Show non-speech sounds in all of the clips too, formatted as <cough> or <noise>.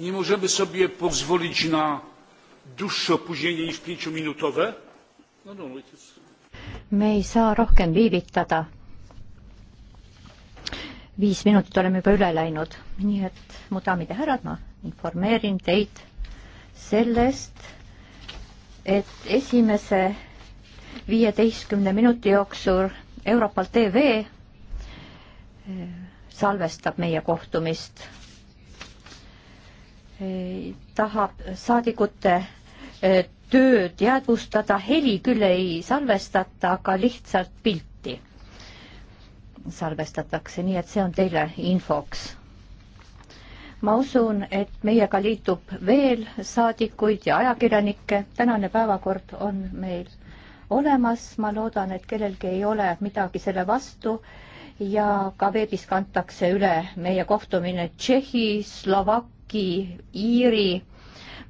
nie możemy sobie pozwolić na dłuższe opóźnienie niż pięciominutowe. No, no, me ei saa rohkem viivitada. viis minutit oleme juba üle läinud, nii et mu daamid ja härrad, ma informeerin teid sellest, et esimese viieteistkümne minuti jooksul Europol tv eh, salvestab meie kohtumist tahab saadikute e, tööd jäädvustada, heli küll ei salvestata, aga lihtsalt pilti salvestatakse, nii et see on teile infoks ma usun, et meiega liitub veel saadikuid ja ajakirjanikke. tänane päevakord on meil olemas, ma loodan, et kellelgi ei ole midagi selle vastu ja ka veebis kantakse üle meie kohtumine Tšehhi, Slovakkia, Tšehhi, Iiri,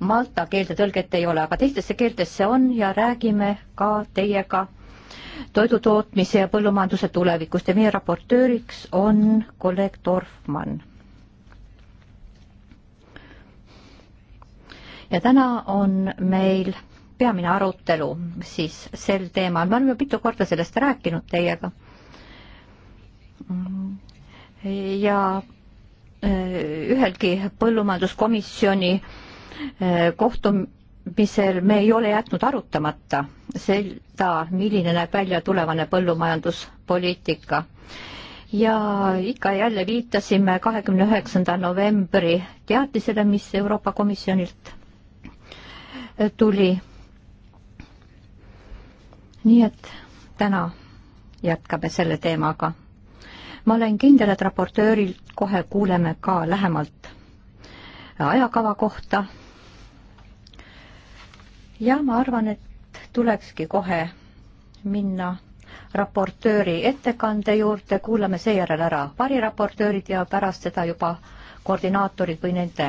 Malta keelde tõlget ei ole, aga teistesse keeltesse on ja räägime ka teiega toidutootmise ja põllumajanduse tulevikust ja meie raportööriks on kolleeg Dorfmann. ja täna on meil peamine arutelu siis sel teemal, me oleme mitu korda sellest rääkinud teiega. ja Äh, ühelgi põllumajanduskomisjoni äh, kohtumisel me ei ole jätnud arutamata seda, milline näeb välja tulevane põllumajanduspoliitika. ja ikka ja jälle viitasime kahekümne üheksanda novembri teatisele, mis Euroopa Komisjonilt äh, tuli. nii et täna jätkame selle teemaga ma olen kindel, et raportöörilt kohe kuuleme ka lähemalt ajakava kohta. ja ma arvan, et tulekski kohe minna raportööri ettekande juurde, kuulame seejärel ära variraportöörid ja pärast seda juba koordinaatorid või nende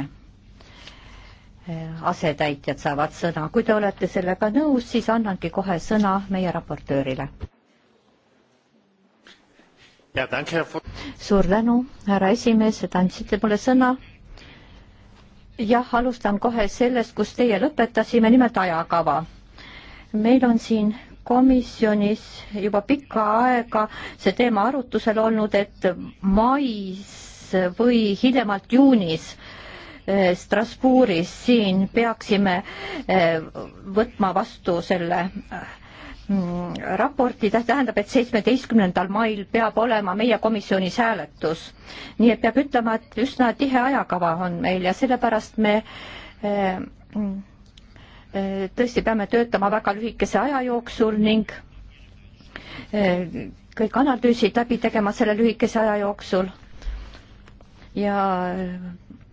eh, asetäitjad saavad sõna. kui te olete sellega nõus, siis annangi kohe sõna meie raportöörile suur tänu, härra esimees, et andsite mulle sõna. jah, alustan kohe sellest, kus teie lõpetasime, nimelt ajakava. meil on siin komisjonis juba pikka aega see teema arutusel olnud, et mais või hiljemalt juunis eh, Strasbourgis siin peaksime eh, võtma vastu selle eh, Mm, raporti, tähendab, et seitsmeteistkümnendal mail peab olema meie komisjonis hääletus. nii et peab ütlema, et üsna tihe ajakava on meil ja sellepärast me eh, mm, eh, tõesti peame töötama väga lühikese aja jooksul ning eh, kõik analüüsid läbi tegema selle lühikese aja jooksul ja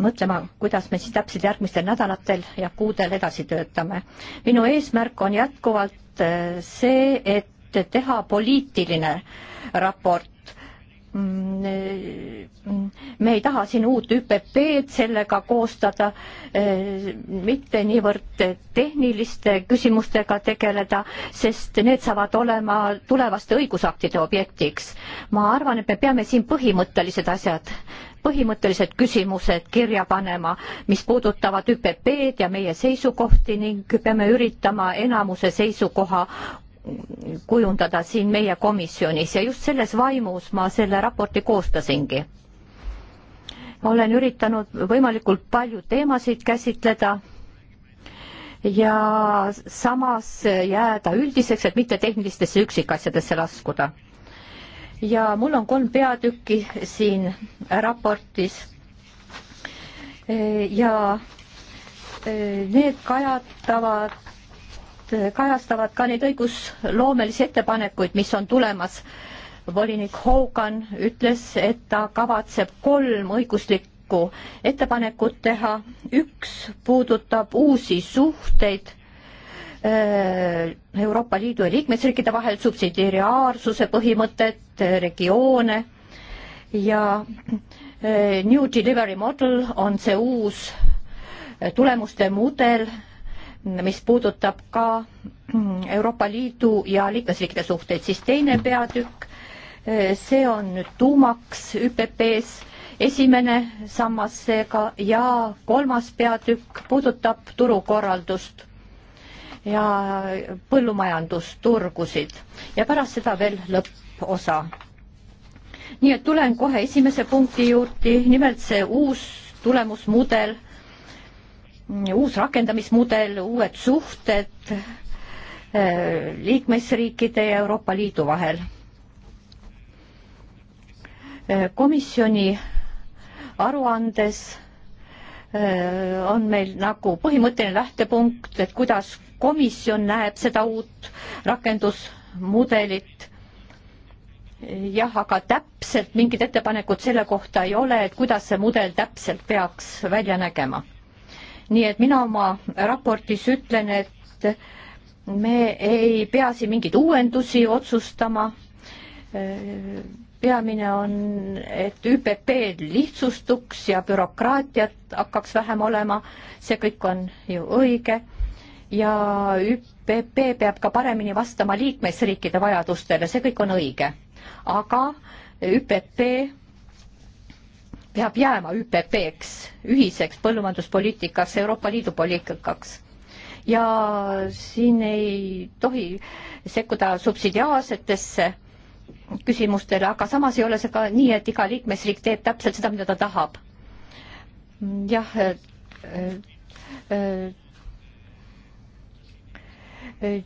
mõtlema, kuidas me siis täpselt järgmistel nädalatel ja kuudel edasi töötame. minu eesmärk on jätkuvalt see, et teha poliitiline raport. me ei taha siin uut ÜPP-d sellega koostada, mitte niivõrd tehniliste küsimustega tegeleda, sest need saavad olema tulevaste õigusaktide objektiks. ma arvan, et me peame siin põhimõttelised asjad põhimõttelised küsimused kirja panema, mis puudutavad ÜPP-d ja meie seisukohti ning peame üritama enamuse seisukoha kujundada siin meie komisjonis ja just selles vaimus ma selle raporti koostasingi. olen üritanud võimalikult palju teemasid käsitleda ja samas jääda üldiseks, et mitte tehnilistesse üksikasjadesse laskuda ja mul on kolm peatükki siin raportis. E, ja e, need kajatavad, kajastavad ka neid õigusloomelisi ettepanekuid, mis on tulemas. volinik Hogan ütles, et ta kavatseb kolm õiguslikku ettepanekut teha, üks puudutab uusi suhteid Äh, Euroopa Liidu ja liikmesriikide vahel subsidiaarsuse põhimõtet, regioone ja äh, New Delivery Model on see uus äh, tulemuste mudel, mis puudutab ka Euroopa Liidu ja liikmesriikide suhteid, siis teine peatükk, see on nüüd tuumaks ÜPP-s, esimene sammas seega ja kolmas peatükk puudutab turukorraldust ja põllumajandusturgusid ja pärast seda veel lõpposa. nii et tulen kohe esimese punkti juurde, nimelt see uus tulemusmudel, uus rakendamismudel, uued suhted eh, liikmesriikide ja Euroopa Liidu vahel. Eh, komisjoni aruandes eh, on meil nagu põhimõtteline lähtepunkt, et kuidas komisjon näeb seda uut rakendusmudelit? jah, aga täpselt mingit ettepanekut selle kohta ei ole, et kuidas see mudel täpselt peaks välja nägema. nii et mina oma raportis ütlen, et me ei pea siin mingeid uuendusi otsustama. peamine on, et ÜPP lihtsustuks ja bürokraatiat hakkaks vähem olema, see kõik on ju õige ja ÜPP peab ka paremini vastama liikmesriikide vajadustele, see kõik on õige. aga ÜPP peab jääma ÜPP-ks, ühiseks põllumajanduspoliitikaks, Euroopa Liidu poliitikaks. ja siin ei tohi sekkuda subsidiaarsetesse küsimustele, aga samas ei ole see ka nii, et iga liikmesriik teeb täpselt seda, mida ta tahab. jah,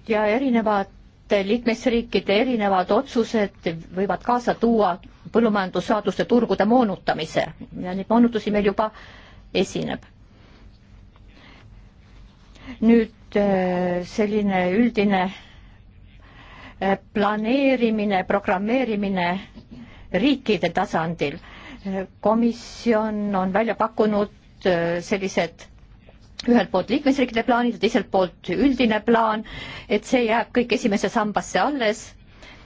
ja erinevate liikmesriikide erinevad otsused võivad kaasa tuua põllumajandussaaduste turgude moonutamise ja neid moonutusi meil juba esineb. nüüd äh, selline üldine äh, planeerimine, programmeerimine riikide tasandil. Äh, komisjon on välja pakkunud sellised ühelt poolt liikmesriikide plaanid ja teiselt poolt üldine plaan, et see jääb kõik esimesse sambasse alles.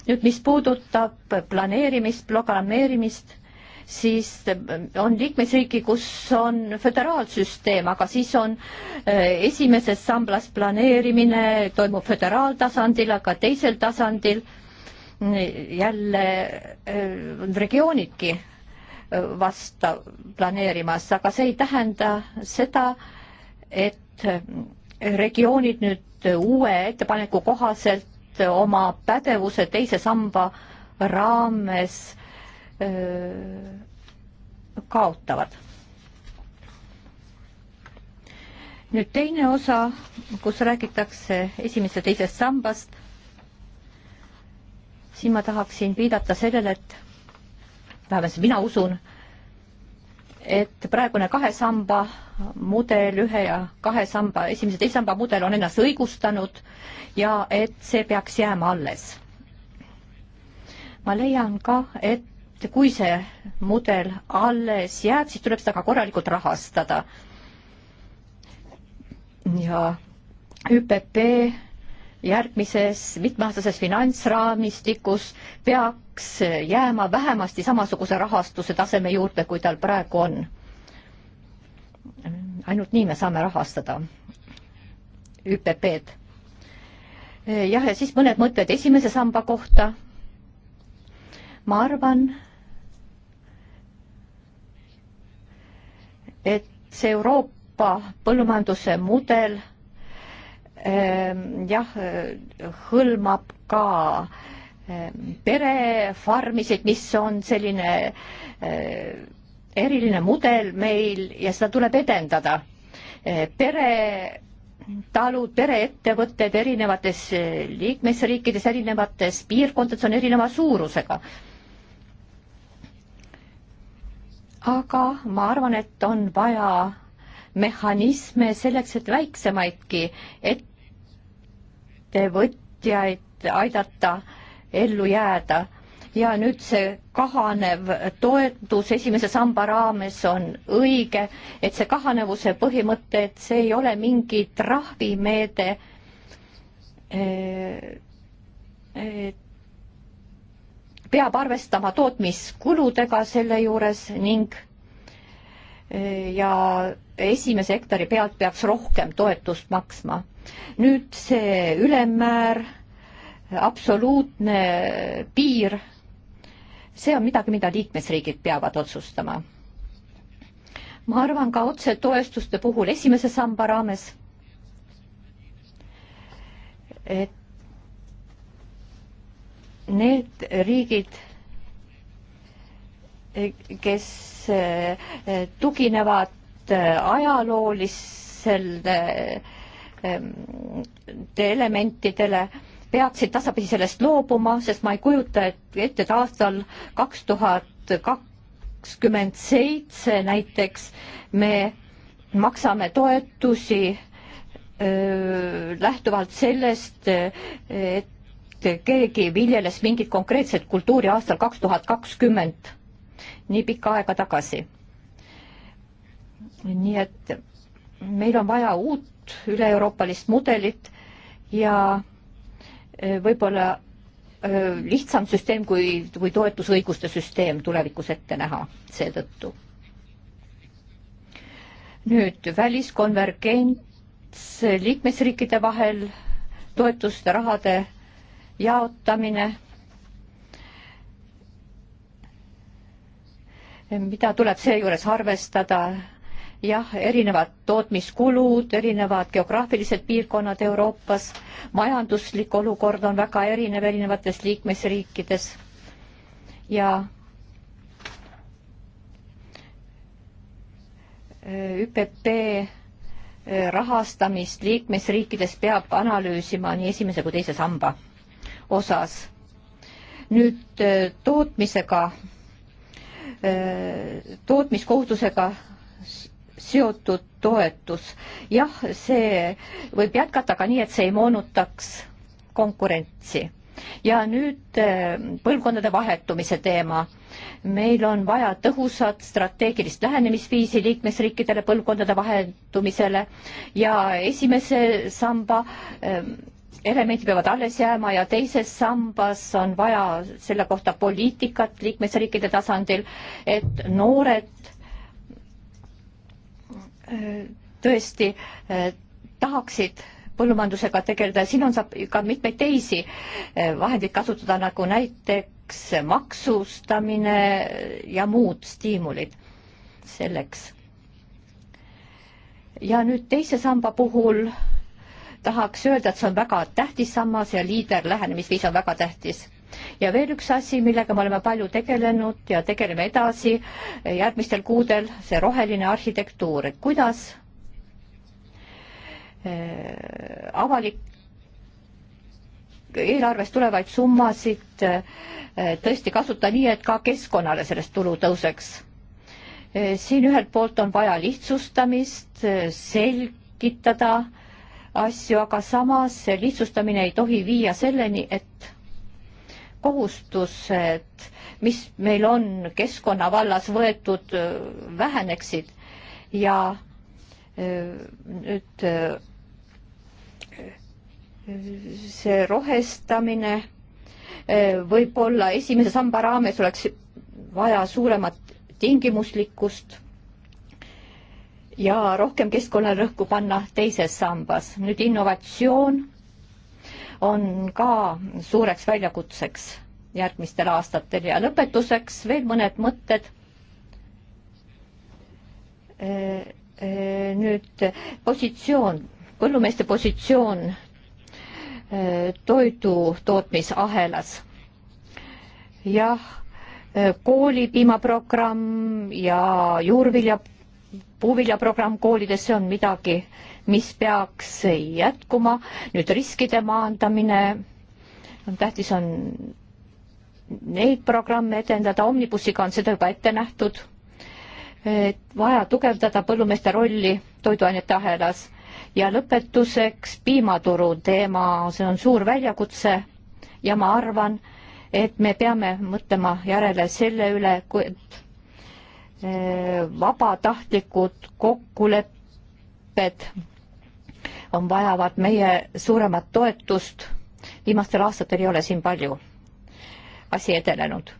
nüüd, mis puudutab planeerimist, programmeerimist, siis on liikmesriiki, kus on föderaalsüsteem, aga siis on äh, esimeses samblas planeerimine toimub föderaaltasandil, aga teisel tasandil jälle äh, regioonidki äh, vasta planeerimas, aga see ei tähenda seda, et regioonid nüüd uue ettepaneku kohaselt oma pädevuse teise samba raames öö, kaotavad. nüüd teine osa, kus räägitakse esimesest ja teisest sambast. siin ma tahaksin viidata sellele, et vähemalt mina usun, et praegune kahe samba mudel, ühe ja kahe samba, esimese ja teise samba mudel on ennast õigustanud ja et see peaks jääma alles. ma leian ka, et kui see mudel alles jääb, siis tuleb seda ka korralikult rahastada. ja ÜPP järgmises mitmeaastases finantsraamistikus peaks jääma vähemasti samasuguse rahastuse taseme juurde, kui tal praegu on. ainult nii me saame rahastada ÜPP-d. jah, ja siis mõned mõtted esimese samba kohta. ma arvan, et see Euroopa põllumajanduse mudel Ehm, jah, hõlmab ka ehm, perefarmisid, mis on selline ehm, eriline mudel meil ja seda tuleb edendada. peretalud, pereettevõtted erinevates liikmesriikides, erinevates piirkondades on erineva suurusega. aga ma arvan, et on vaja mehhanisme selleks, et väiksemaidki et ettevõtjaid aidata ellu jääda ja nüüd see kahanev toetus esimese samba raames on õige, et see kahanevuse põhimõte, et see ei ole mingi trahvimeede. Eh, eh, peab arvestama tootmiskuludega selle juures ning eh, ja esimese hektari pealt peaks rohkem toetust maksma nüüd see ülemmäär, absoluutne piir, see on midagi, mida liikmesriigid peavad otsustama. ma arvan ka otsetoestuste puhul esimese samba raames, et need riigid, kes eh, tuginevad eh, ajaloolisel äh, Ähm, elementidele, peaksid tasapisi sellest loobuma, sest ma ei kujuta ette, et aastal kaks tuhat kakskümmend seitse näiteks me maksame toetusi öö, lähtuvalt sellest, et keegi viljeles mingit konkreetset kultuuri aastal kaks tuhat kakskümmend, nii pikka aega tagasi. nii et meil on vaja uut uut üle-euroopalist mudelit ja eh, võib-olla eh, lihtsam süsteem kui, kui toetusõiguste süsteem tulevikus ette näha seetõttu. nüüd väliskonvergents liikmesriikide vahel, toetuste rahade jaotamine, mida tuleb seejuures arvestada jah, erinevad tootmiskulud, erinevad geograafilised piirkonnad Euroopas, majanduslik olukord on väga erinev erinevates liikmesriikides ja äh, ÜPP äh, rahastamist liikmesriikides peab analüüsima nii esimese kui teise samba osas. nüüd äh, tootmisega, tootmiskohustusega seotud toetus. jah, see võib jätkata ka nii, et see ei moonutaks konkurentsi. ja nüüd äh, põlvkondade vahetumise teema. meil on vaja tõhusat strateegilist lähenemisviisi liikmesriikidele põlvkondade vahetumisele ja esimese samba ähm, elemendid peavad alles jääma ja teises sambas on vaja selle kohta poliitikat liikmesriikide tasandil, et noored tõesti äh, tahaksid põllumajandusega tegeleda ja siin on, saab ka mitmeid teisi äh, vahendeid kasutada, nagu näiteks maksustamine ja muud stiimulid selleks. ja nüüd teise samba puhul tahaks öelda, et see on väga tähtis sammas ja liider lähenemisviis on väga tähtis ja veel üks asi, millega me oleme palju tegelenud ja tegeleme edasi järgmistel kuudel, see roheline arhitektuur, et kuidas äh, avalik eelarvest tulevaid summasid äh, tõesti kasutada nii, et ka keskkonnale sellest tulu tõuseks äh, siin ühelt poolt on vaja lihtsustamist, selgitada asju, aga samas lihtsustamine ei tohi viia selleni, et kohustused, mis meil on keskkonna vallas võetud, väheneksid ja nüüd see rohestamine võib-olla esimese samba raames oleks vaja suuremat tingimuslikkust ja rohkem keskkonnale rõhku panna teises sambas. nüüd innovatsioon on ka suureks väljakutseks järgmistel aastatel ja lõpetuseks veel mõned mõtted. Äh, äh, nüüd positsioon, põllumeeste positsioon äh, toidu tootmisahelas. jah, koolipiimaprogramm ja juurvilja puuviljaprogramm koolides, see on midagi, mis peaks jätkuma. nüüd riskide maandamine on tähtis, on neid programme edendada, Omnibussiga on seda juba ette nähtud. et vaja tugevdada põllumeeste rolli toiduainete ahelas ja lõpetuseks piimaturu teema, see on suur väljakutse ja ma arvan, et me peame mõtlema järele selle üle, Äh, vabatahtlikud kokkulepped on, vajavad meie suuremat toetust. viimastel aastatel ei ole siin palju asi edenenud.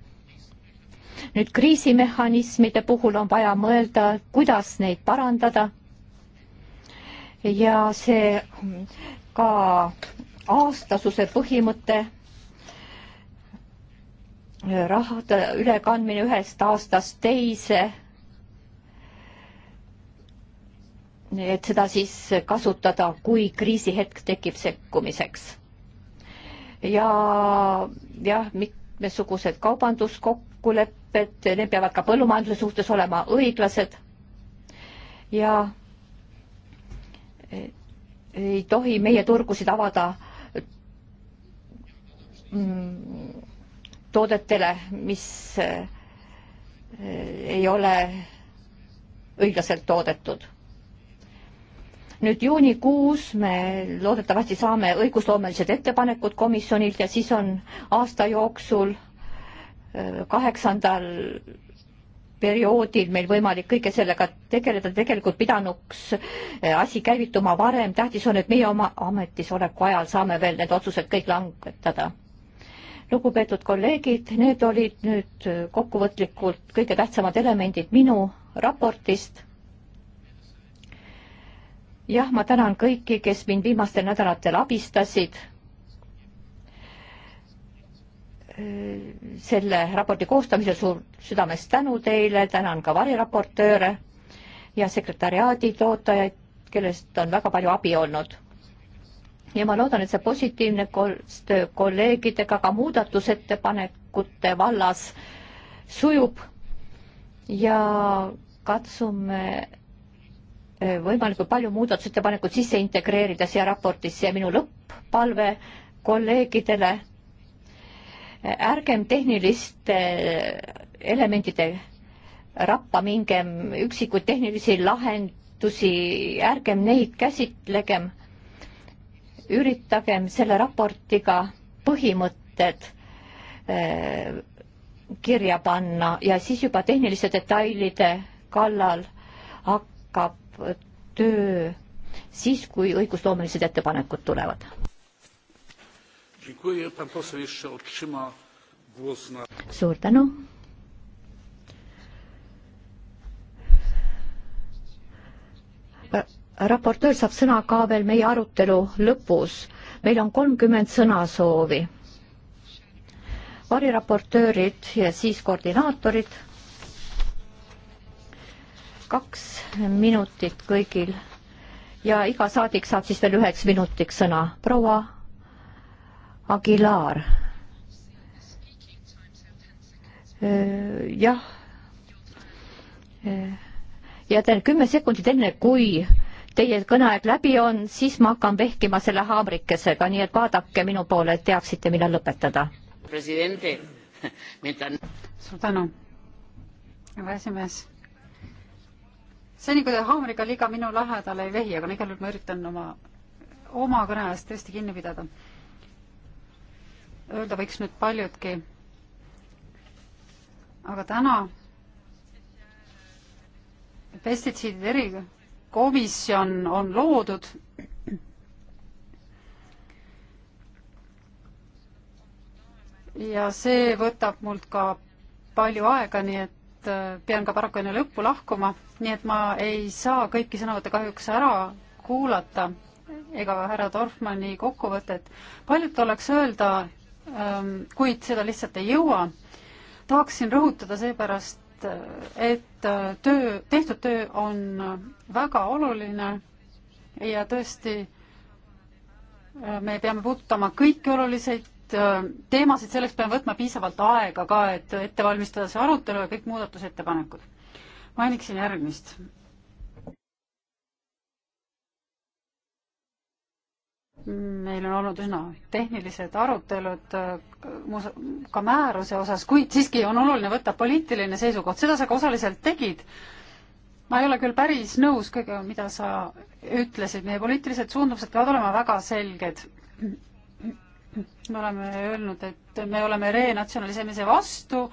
nüüd kriisimehhanismide puhul on vaja mõelda, kuidas neid parandada. ja see ka aastasuse põhimõte rahade ülekandmine ühest aastast teise. et seda siis kasutada, kui kriisihetk tekib sekkumiseks. ja jah, mitmesugused kaubanduskokkulepped, need peavad ka põllumajanduse suhtes olema õiglased. ja ei tohi meie turgusid avada mm, toodetele, mis eh, ei ole õiglaselt toodetud. nüüd juunikuus me loodetavasti saame õigusloomelised ettepanekud komisjonilt ja siis on aasta jooksul eh, kaheksandal perioodil meil võimalik kõige sellega tegeleda, tegelikult pidanuks eh, asi käivituma varem, tähtis on, et meie oma ametisoleku ajal saame veel need otsused kõik langetada lugupeetud kolleegid, need olid nüüd kokkuvõtlikult kõige tähtsamad elemendid minu raportist. jah, ma tänan kõiki, kes mind viimastel nädalatel abistasid äh, selle raporti koostamisel suur südamest tänu teile, tänan ka variraportööre ja sekretäriaadi tootajaid, kellest on väga palju abi olnud ja ma loodan, et see positiivne koostöö kolleegidega ka muudatusettepanekute vallas sujub ja katsume eh, võimalikult palju muudatusettepanekuid sisse integreerida siia raportisse ja minu lõpp-palve kolleegidele, eh, ärgem tehniliste eh, elementide rappa mingem üksikuid tehnilisi lahendusi, ärgem neid käsitlegem üritagem selle raportiga põhimõtted äh, kirja panna ja siis juba tehniliste detailide kallal hakkab töö siis, kui õigusloomelised ettepanekud tulevad. suur tänu raportöör saab sõna ka veel meie arutelu lõpus. meil on kolmkümmend sõnasoovi. variraportöörid ja siis koordinaatorid. kaks minutit kõigil ja iga saadik saab siis veel üheks minutiks sõna. proua Aguilar. Äh, jah äh, ja teil kümme sekundit enne, kui teie kõneaeg läbi on, siis ma hakkan vehkima selle haamrikesega, nii et vaadake minu poole, et teaksite, millal lõpetada. suur tänu, härra esimees. seni, kui te haamriga liiga minu lähedal ei vehi, aga igal juhul ma üritan oma, oma kõne ajast tõesti kinni pidada. Öelda võiks nüüd paljudki. aga täna pestitsiidide eri komisjon on loodud ja see võtab mult ka palju aega, nii et äh, pean ka paraku enne lõppu lahkuma, nii et ma ei saa kõiki sõnavõtte kahjuks ära kuulata ega härra Dorfmanni kokkuvõtet. paljut oleks öelda, ähm, kuid seda lihtsalt ei jõua. tahaksin rõhutada seepärast et, et töö, tehtud töö on väga oluline ja tõesti me peame puudutama kõiki oluliseid äh, teemasid, selleks peame võtma piisavalt aega ka, et ette valmistada see arutelu ja kõik muudatusettepanekud. mainiksin järgmist meil on olnud üsna tehnilised arutelud äh, ka määruse osas, kuid siiski on oluline võtta poliitiline seisukoht, seda sa ka osaliselt tegid. ma ei ole küll päris nõus kõigega, mida sa ütlesid, meie poliitilised suundumused peavad olema väga selged. me oleme öelnud, et me oleme renatsionaliseerimise vastu,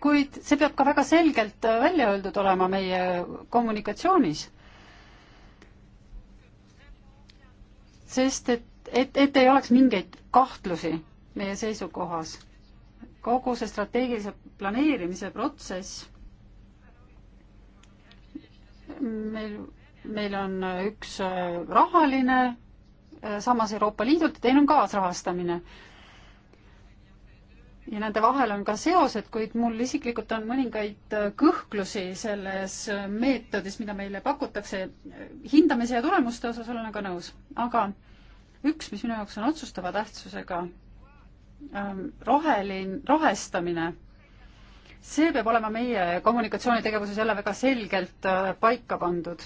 kuid see peab ka väga selgelt välja öeldud olema meie kommunikatsioonis. sest et et, et ei oleks mingeid kahtlusi meie seisukohas. kogu see strateegilise planeerimise protsess, meil, meil on üks äh, rahaline, äh, samas Euroopa Liidult ja teine on kaasrahastamine. ja nende vahel on ka seosed, kuid mul isiklikult on mõningaid äh, kõhklusi selles meetodis, mida meile pakutakse. hindamise ja tulemuste osas olen aga nõus, aga üks, mis minu jaoks on otsustava tähtsusega, ähm, rohelin-, rohestamine, see peab olema meie kommunikatsioonitegevuses jälle väga selgelt äh, paika pandud.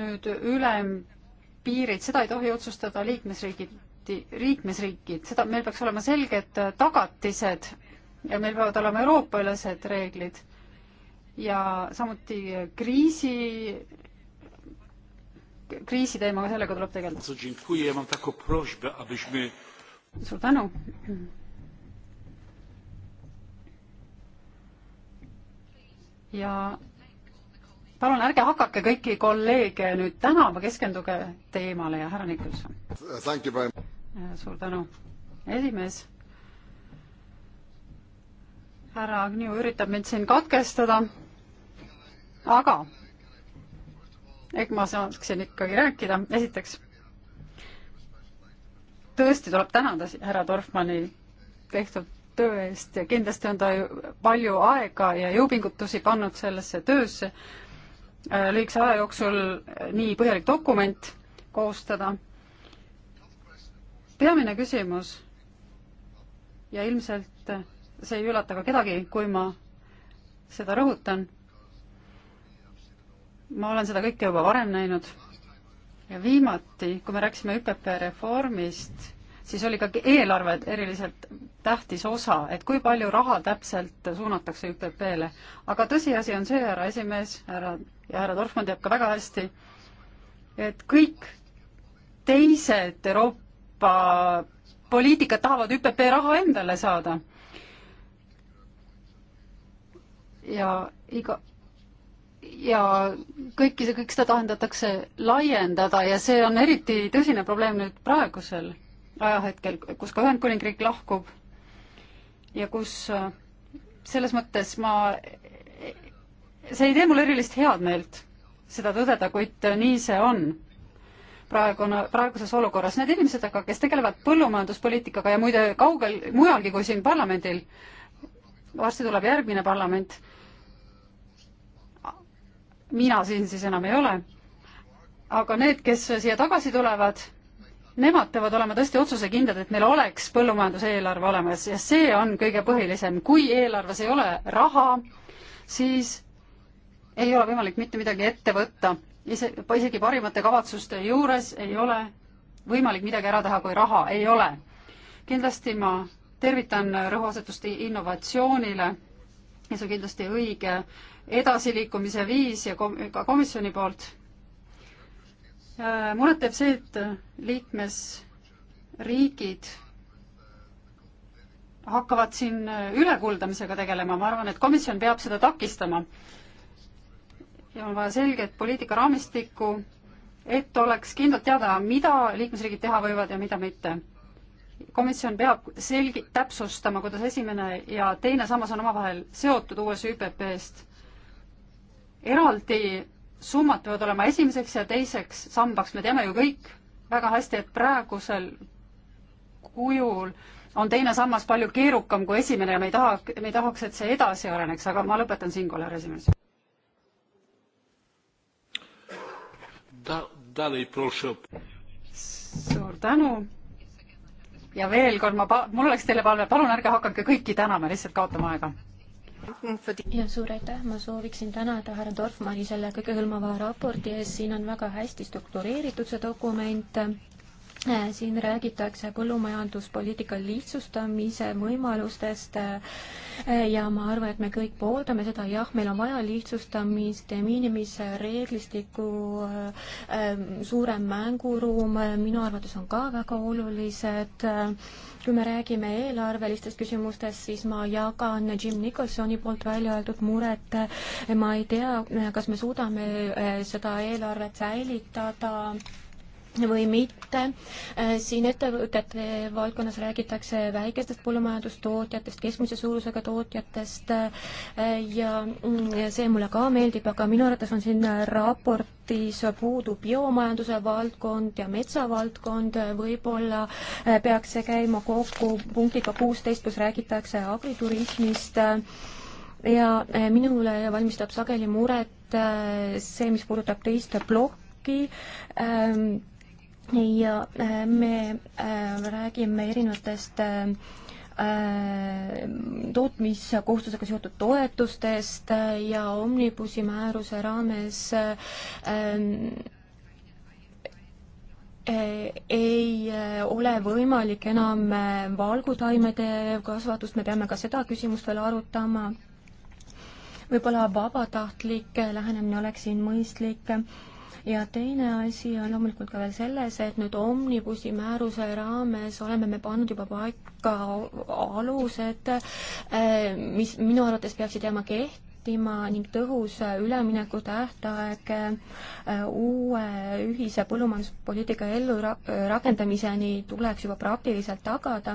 nüüd ülempiirid, seda ei tohi otsustada liikmesriigid, liikmesriigid, seda, meil peaks olema selged äh, tagatised ja meil peavad olema Euroopa-ülesed reeglid ja samuti kriisi kriisiteemaga, sellega tuleb tegeleda. suur tänu. ja palun ärge hakake kõiki kolleege nüüd tänama, keskenduge teemale ja härra Nikolson. suur tänu, esimees. härra Agniu üritab mind siin katkestada, aga ehk ma saaksin ikkagi rääkida. esiteks, tõesti tuleb tänada härra Dorfmanni tehtud töö eest ja kindlasti on ta ju palju aega ja jõupingutusi pannud sellesse töösse, äh, lühikese aja jooksul nii põhjalik dokument koostada. peamine küsimus ja ilmselt see ei üllata ka kedagi, kui ma seda rõhutan ma olen seda kõike juba varem näinud ja viimati, kui me rääkisime ÜPP reformist, siis oli ka eelarve eriliselt tähtis osa, et kui palju raha täpselt suunatakse ÜPP-le. aga tõsiasi on see, härra esimees, härra ja härra Dorfmann teab ka väga hästi, et kõik teised Euroopa poliitikad tahavad ÜPP raha endale saada. ja iga, ja kõiki, kõik seda tahendatakse laiendada ja see on eriti tõsine probleem nüüd praegusel ajahetkel, kus ka Ühendkuningriik lahkub ja kus äh, selles mõttes ma, see ei tee mulle erilist head meelt seda tõdeda, kuid äh, nii see on praegune, praeguses olukorras. Need inimesed aga, kes tegelevad põllumajanduspoliitikaga ja muide kaugel, mujalgi kui siin parlamendil, varsti tuleb järgmine parlament mina siin siis enam ei ole, aga need, kes siia tagasi tulevad, nemad peavad olema tõesti otsusekindlad, et meil oleks põllumajanduseelarve olemas ja see on kõige põhilisem. kui eelarves ei ole raha, siis ei ole võimalik mitte midagi ette võtta. ise, isegi parimate kavatsuste juures ei ole võimalik midagi ära teha, kui raha ei ole. kindlasti ma tervitan rõhuasetust innovatsioonile ja see on kindlasti õige edasiliikumise viis ja kom-, ka komisjoni poolt. Äh, muret teeb see, et liikmesriigid hakkavad siin äh, ülekuldamisega tegelema, ma arvan, et komisjon peab seda takistama. ja on vaja selget poliitikaraamistikku, et oleks kindlalt teada, mida liikmesriigid teha võivad ja mida mitte. komisjon peab selgi-, täpsustama, kuidas esimene ja teine sammas on omavahel seotud uues ÜPP-st eraldi summad peavad olema esimeseks ja teiseks sambaks, me teame ju kõik väga hästi, et praegusel kujul on teine sammas palju keerukam kui esimene ja me ei taha, me ei tahaks, et see edasi areneks, aga ma lõpetan siinkohal, härra esimees. suur tänu ja veel kord ma pa-, mul oleks teile palve, palun ärge hakake kõiki tänama, lihtsalt kaotame aega ja suur aitäh, ma sooviksin tänada härra Dorfmanni selle kõigehõlmava raporti eest, siin on väga hästi struktureeritud see dokument Äh, siin räägitakse põllumajanduspoliitika lihtsustamise võimalustest äh, ja ma arvan, et me kõik pooldame seda, jah, meil on vaja lihtsustamist, miinimise reeglistiku äh, ähm, suurem mänguruum minu arvates on ka väga olulised. kui me räägime eelarvelistest küsimustest, siis ma jagan Jim Nicholsoni poolt välja öeldud muret. ma ei tea, kas me suudame seda eelarvet säilitada või mitte. Äh, siin ettevõtete valdkonnas räägitakse väikestest põllumajandustootjatest, keskmise suurusega tootjatest äh, mm, ja see mulle ka meeldib, aga minu arvates on siin raportis puudu biomajanduse valdkond ja metsavaldkond, võib-olla äh, peaks see käima kokku punktiga kuusteist, kus räägitakse agriturismist ja minule valmistab sageli muret see, mis puudutab teist plokki, äkki ähm, ja äh, me äh, räägime erinevatest äh, tootmiskohustusega seotud toetustest ja omnibussi määruse raames ähm, ei ole võimalik enam valgutaimede kasvatust, me peame ka seda küsimust veel arutama. võib-olla vabatahtlik lähenemine oleks siin mõistlik ja teine asi on loomulikult ka veel selles, et nüüd Omnibussi määruse raames oleme me pannud juba paika alused, eh, mis minu arvates peaksid jääma kehtima, kehtima ning tõhus ülemineku tähtaeg eh, uue ühise põllumajanduspoliitika ellurakendamiseni tuleks juba praktiliselt tagada.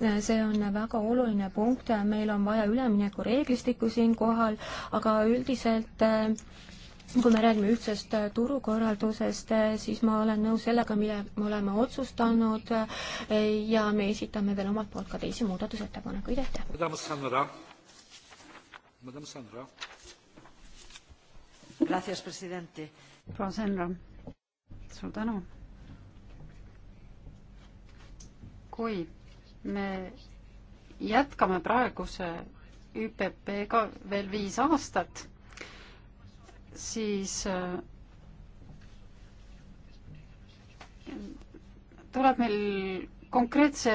Eh, see on väga oluline punkt, meil on vaja üleminekureeglistikku siinkohal, aga üldiselt kui me räägime ühtsest äh, turukorraldusest, äh, siis ma olen nõus sellega, mille me oleme otsustanud äh, ja me esitame veel omalt poolt ka teisi muudatusettepanekuid, aitäh! proua Senra, suur tänu! kui me jätkame praeguse ÜPP-ga veel viis aastat siis äh, tuleb meil konkreetse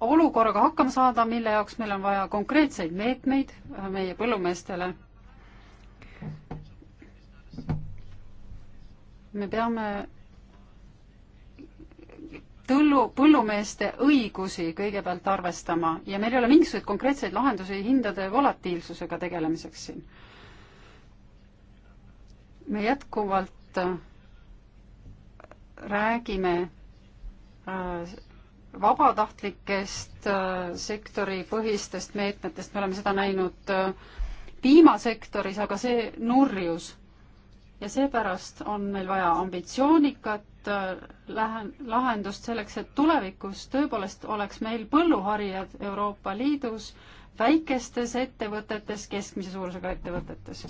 olukorraga hakkama saada, mille jaoks meil on vaja konkreetseid meetmeid äh, meie põllumeestele. me peame tõllu, põllumeeste õigusi kõigepealt arvestama ja meil ei ole mingisuguseid konkreetseid lahendusi hindade volatiilsusega tegelemiseks siin me jätkuvalt äh, räägime äh, vabatahtlikest äh, sektoripõhistest meetmetest, me oleme seda näinud piimasektoris, aga see nurjus. ja seepärast on meil vaja ambitsioonikat lähen-, lahendust selleks, et tulevikus tõepoolest oleks meil põlluharijad Euroopa Liidus väikestes ettevõtetes, keskmise suurusega ettevõtetes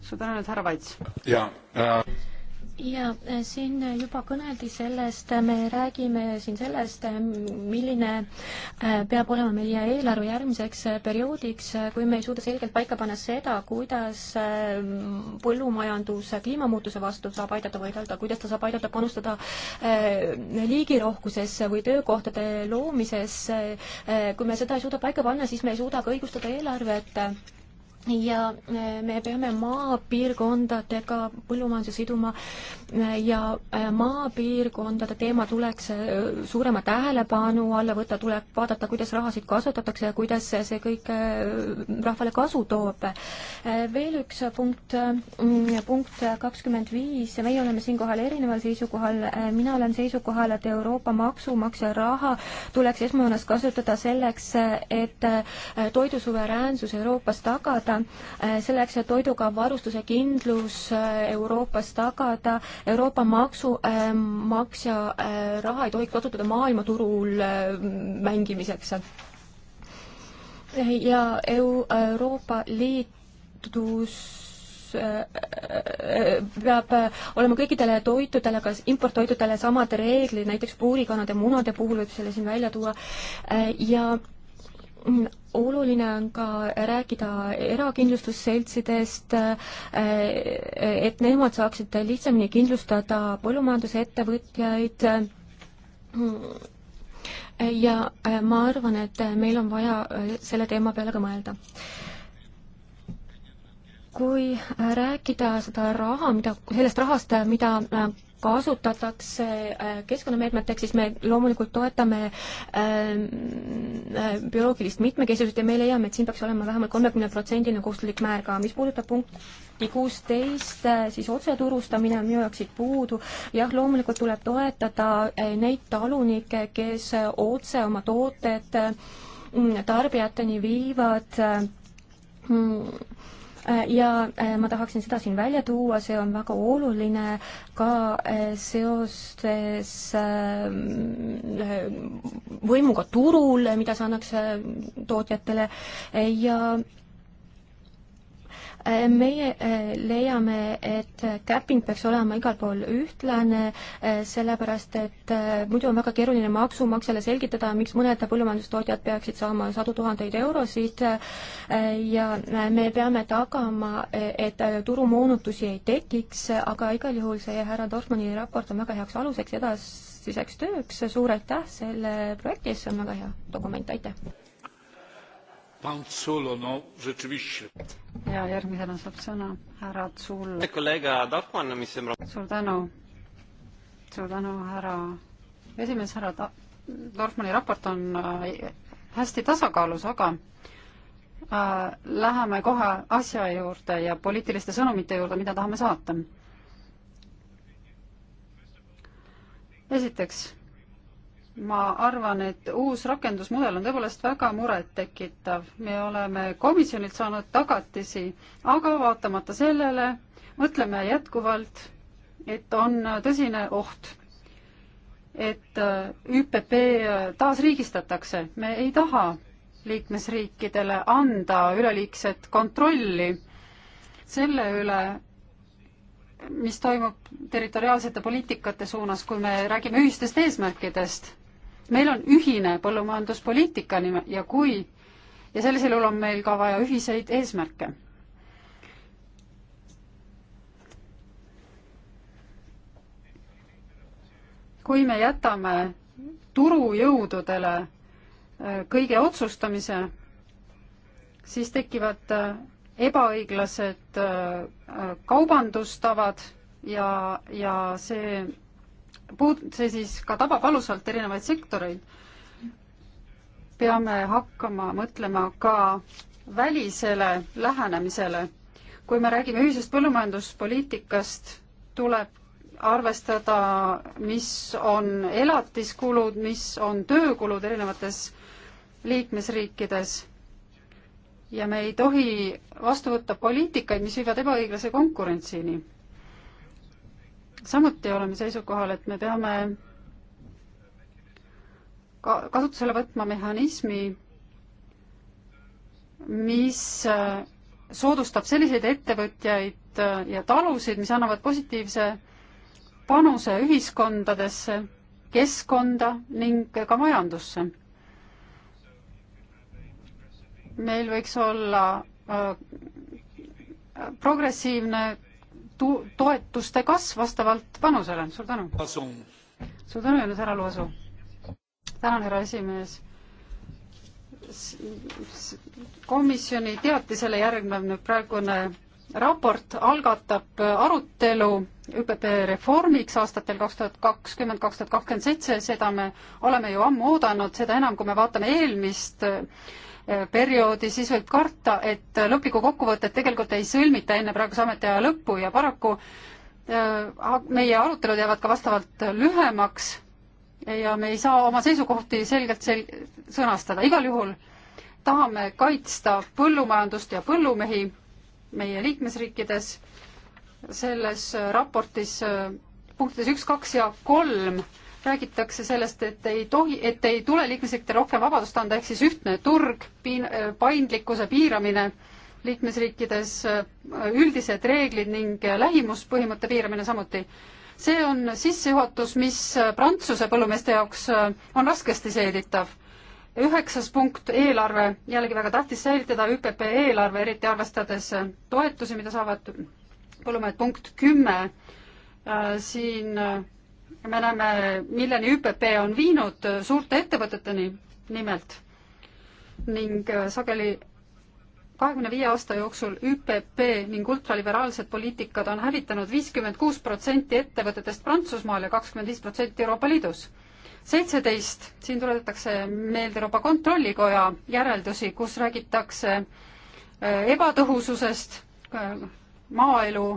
suur tänu nüüd, härra Vaits. jaa äh ja äh, siin juba kõneldi sellest, me räägime siin sellest, äh, milline äh, peab olema meie eelarve järgmiseks perioodiks, kui me ei suuda selgelt paika panna seda, kuidas põllumajandus kliimamuutuse vastu saab aidata võidelda, kuidas ta saab aidata panustada liigirohkusesse või töökohtade loomisesse. kui me seda ei suuda paika panna, siis me ei suuda ka õigustada eelarvet ja äh, me peame maapiirkondadega põllumajanduse siduma äh, ja äh, maapiirkondade teema tuleks suurema tähelepanu alla võtta, tuleb vaadata, kuidas rahasid kasutatakse ja kuidas see kõik rahvale kasu toob. veel üks punkt, mm, punkt kakskümmend viis, meie oleme siinkohal erineval seisukohal, mina olen seisukohal, et Euroopa maksumaksja raha tuleks esmajoones kasutada selleks, et toidusuveräänsus Euroopas tagada, Eh, selleks, et toiduga varustuse kindlus eh, Euroopas tagada. Euroopa maksumaksja eh, raha ei tohiks kasutada maailmaturul mängimiseks. ja Euroopa Liidus peab olema kõikidele toitudele, kas importtoitudele samad reeglid, näiteks puurikanade, munade puhul võib selle siin välja tuua ja oluline on ka rääkida erakindlustusseltsidest, eh, et nemad saaksid lihtsamini kindlustada põllumajandusettevõtjaid. ja eh, ma arvan, et meil on vaja eh, selle teema peale ka mõelda kui rääkida seda raha, mida, sellest rahast, mida kasutatakse äh, keskkonnameetmeteks, siis me loomulikult toetame ähm, äh, bioloogilist mitmekesisust ja me leiame, et siin peaks olema vähemalt kolmekümne protsendine kohustuslik määr ka, mis puudutab punkti kuusteist, äh, siis otseturustamine on minu jaoks siit puudu, jah, loomulikult tuleb toetada neid talunikke, kes otse oma tooted tarbijateni viivad, mm, Äh, ja äh, ma tahaksin seda siin välja tuua, see on väga oluline ka äh, seoses ähm, võimuga turul, mida see annaks tootjatele ja meie eh, leiame, et capping peaks olema igal pool ühtlane, eh, sellepärast et eh, muidu on väga keeruline maksumaksjale selgitada, miks mõned põllumajandustootjad peaksid saama sadu tuhandeid eurosid ja me peame tagama, et turumoonutusi ei tekiks, aga igal juhul see härra Dorfmanni raport on väga heaks aluseks edasiseks tööks, suur aitäh selle projekti eest, see on väga hea dokument, aitäh! ja järgmisena saab sõna härra Tsul. suur tänu. suur tänu, härra esimees, härra Dorfmanni raport on äh, hästi tasakaalus, aga äh, läheme kohe asja juurde ja poliitiliste sõnumite juurde, mida tahame saata. esiteks ma arvan, et uus rakendusmudel on tõepoolest väga murettekitav. me oleme komisjonilt saanud tagatisi, aga vaatamata sellele mõtleme jätkuvalt, et on tõsine oht, et äh, ÜPP äh, taasriigistatakse. me ei taha liikmesriikidele anda üleliigset kontrolli selle üle, mis toimub territoriaalsete poliitikate suunas, kui me räägime ühistest eesmärkidest meil on ühine põllumajanduspoliitika ja kui ja sellisel juhul on meil ka vaja ühiseid eesmärke. kui me jätame turujõududele äh, kõige otsustamise, siis tekivad äh, ebaõiglased äh, kaubandustavad ja, ja see puud-, see siis ka tabab valusalt erinevaid sektoreid, peame hakkama mõtlema ka välisele lähenemisele. kui me räägime ühisest põllumajanduspoliitikast, tuleb arvestada, mis on elatiskulud, mis on töökulud erinevates liikmesriikides ja me ei tohi vastu võtta poliitikaid, mis viivad ebaõiglase konkurentsini samuti oleme seisukohal, et me peame ka kasutusele võtma mehhanismi, mis äh, soodustab selliseid ettevõtjaid äh, ja talusid, mis annavad positiivse panuse ühiskondadesse, keskkonda ning ka majandusse. meil võiks olla äh, progressiivne tu-, toetuste kasv vastavalt panusele, suur tänu. suur tänu, Jonas Härra Luasu. tänan, härra esimees. komisjoni teatisele järgnev nüüd praegune raport algatab arutelu ÜPP reformiks aastatel kaks tuhat kakskümmend, kaks tuhat kakskümmend seitse, seda me oleme ju ammu oodanud, seda enam, kui me vaatame eelmist Eh, perioodi, siis võib karta, et lõplikku kokkuvõtet tegelikult ei sõlmita enne praeguse ametiaja lõppu ja paraku eh, meie arutelud jäävad ka vastavalt lühemaks ja me ei saa oma seisukohti selgelt sel-, sõnastada, igal juhul tahame kaitsta põllumajandust ja põllumehi meie liikmesriikides, selles raportis eh, punktides üks, kaks ja kolm räägitakse sellest, et ei tohi, et ei tule liikmesriikidele rohkem vabadust anda, ehk siis ühtne turg, piin-, paindlikkuse piiramine liikmesriikides, üldised reeglid ning lähimuspõhimõtte piiramine samuti. see on sissejuhatus, mis Prantsuse põllumeeste jaoks on raskesti seeditav. üheksas punkt, eelarve, jällegi väga tähtis säilitada ÜPP eelarve, eriti arvestades toetusi, mida saavad põllumehed, punkt kümme, siin me näeme, milleni ÜPP on viinud suurte ettevõteteni nimelt ning äh, sageli kahekümne viie aasta jooksul ÜPP ning ultraliberaalsed poliitikad on hävitanud viiskümmend kuus protsenti ettevõtetest Prantsusmaal ja kakskümmend viis protsenti Euroopa Liidus. seitseteist, siin tuletatakse meelde Euroopa Kontrollikoja järeldusi, kus räägitakse äh, ebatõhususest, äh, maaelu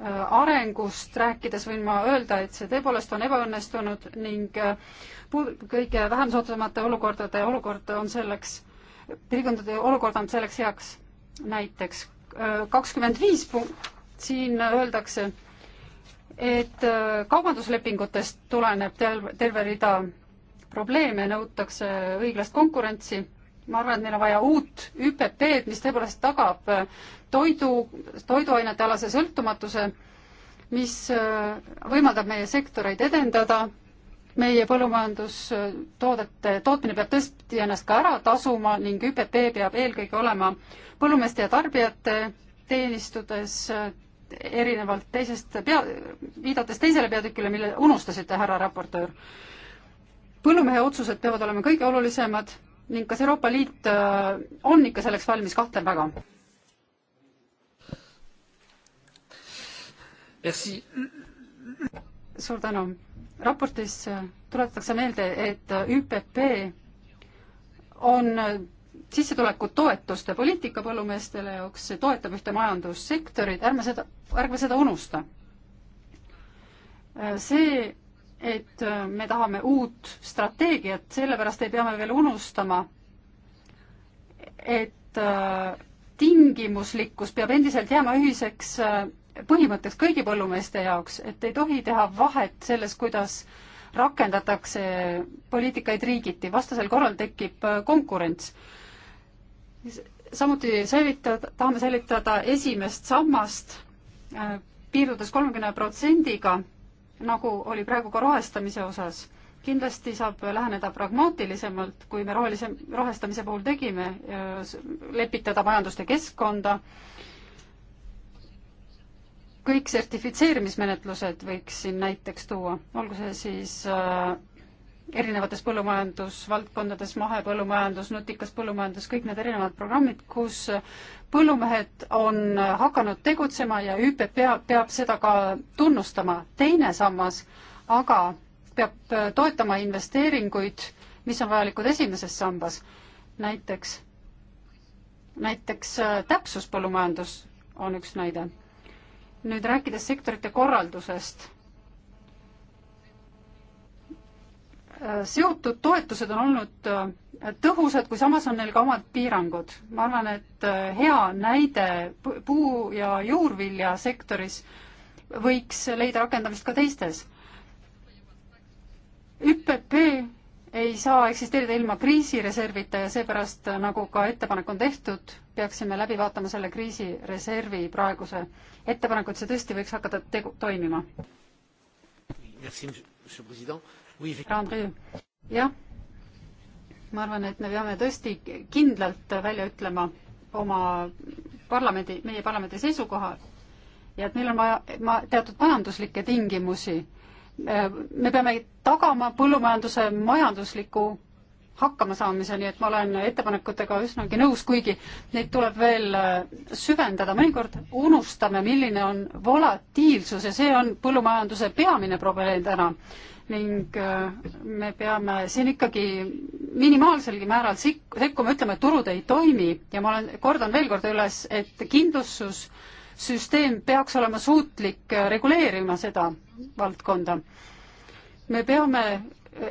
Äh, arengust rääkides võin ma öelda, et see tõepoolest on ebaõnnestunud ning äh, kõige vähem soodsamate olukordade olukord on selleks, piirkondade olukord on selleks heaks näiteks. Äh, kakskümmend viis punkt, siin öeldakse, et kaubanduslepingutest tuleneb terve rida probleeme, nõutakse õiglast konkurentsi ma arvan, et meil on vaja uut ÜPP-d, mis tõepoolest tagab äh, toidu, toiduainete alase sõltumatuse, mis äh, võimaldab meie sektoreid edendada, meie põllumajandustoodete äh, tootmine peab tõesti ennast ka ära tasuma ning ÜPP peab eelkõige olema põllumeeste ja tarbijate teenistudes erinevalt teisest pea, viidates teisele peatükile, mille unustasite, härra raportöör. põllumehe otsused peavad olema kõige olulisemad ning kas Euroopa Liit äh, on ikka selleks valmis, kahtlen väga. suur tänu. raportis äh, tuletatakse meelde, et äh, ÜPP on sissetulekutoetuste poliitika põllumeestele jaoks, see toetab ühte majandussektorit, ärme seda, ärme seda unusta. see et äh, me tahame uut strateegiat, sellepärast ei pea me veel unustama, et äh, tingimuslikkus peab endiselt jääma ühiseks äh, põhimõtteks kõigi põllumeeste jaoks, et ei tohi teha vahet selles, kuidas rakendatakse poliitikaid riigiti, vastasel korral tekib konkurents. samuti säilitada, tahame säilitada esimest sammast piirdudes kolmekümne protsendiga nagu oli praegu ka rohestamise osas. kindlasti saab läheneda pragmaatilisemalt, kui me rohelise, rohestamise puhul tegime, lepitada majandust ja keskkonda, kõik sertifitseerimismenetlused võiks siin näiteks tuua, olgu see siis äh, erinevates põllumajandusvaldkondades, mahepõllumajandus, nutikas põllumajandus, kõik need erinevad programmid, kus põllumehed on hakanud tegutsema ja ÜPP peab, peab seda ka tunnustama. teine sammas aga peab toetama investeeringuid, mis on vajalikud esimeses sambas. näiteks, näiteks äh, täpsuspõllumajandus on üks näide. nüüd rääkides sektorite korraldusest seotud toetused on olnud äh, tõhusad, kui samas on neil ka omad piirangud. ma arvan, et äh, hea näide puu- ja juurviljasektoris võiks leida rakendamist ka teistes. ÜPP ei saa eksisteerida ilma kriisireservita ja seepärast, äh, nagu ka ettepanek on tehtud, peaksime läbi vaatama selle kriisireservi praeguse ettepaneku, et see tõesti võiks hakata tegu, toimima. Merci, monsieur president jah, ma arvan, et me peame tõesti kindlalt välja ütlema oma parlamendi, meie parlamendi seisukoha ja et meil on vaja ma, teatud majanduslikke tingimusi. me peame tagama põllumajanduse majandusliku hakkamasaamise, nii et ma olen ettepanekutega üsnagi nõus, kuigi neid tuleb veel süvendada. mõnikord unustame, milline on volatiilsus ja see on põllumajanduse peamine probleem täna ning äh, me peame siin ikkagi minimaalselgi määral sik-, sekkuma, ütlema, et turud ei toimi ja ma olen, kordan veel kord üles, et kindlustussüsteem peaks olema suutlik äh, reguleerima seda valdkonda. me peame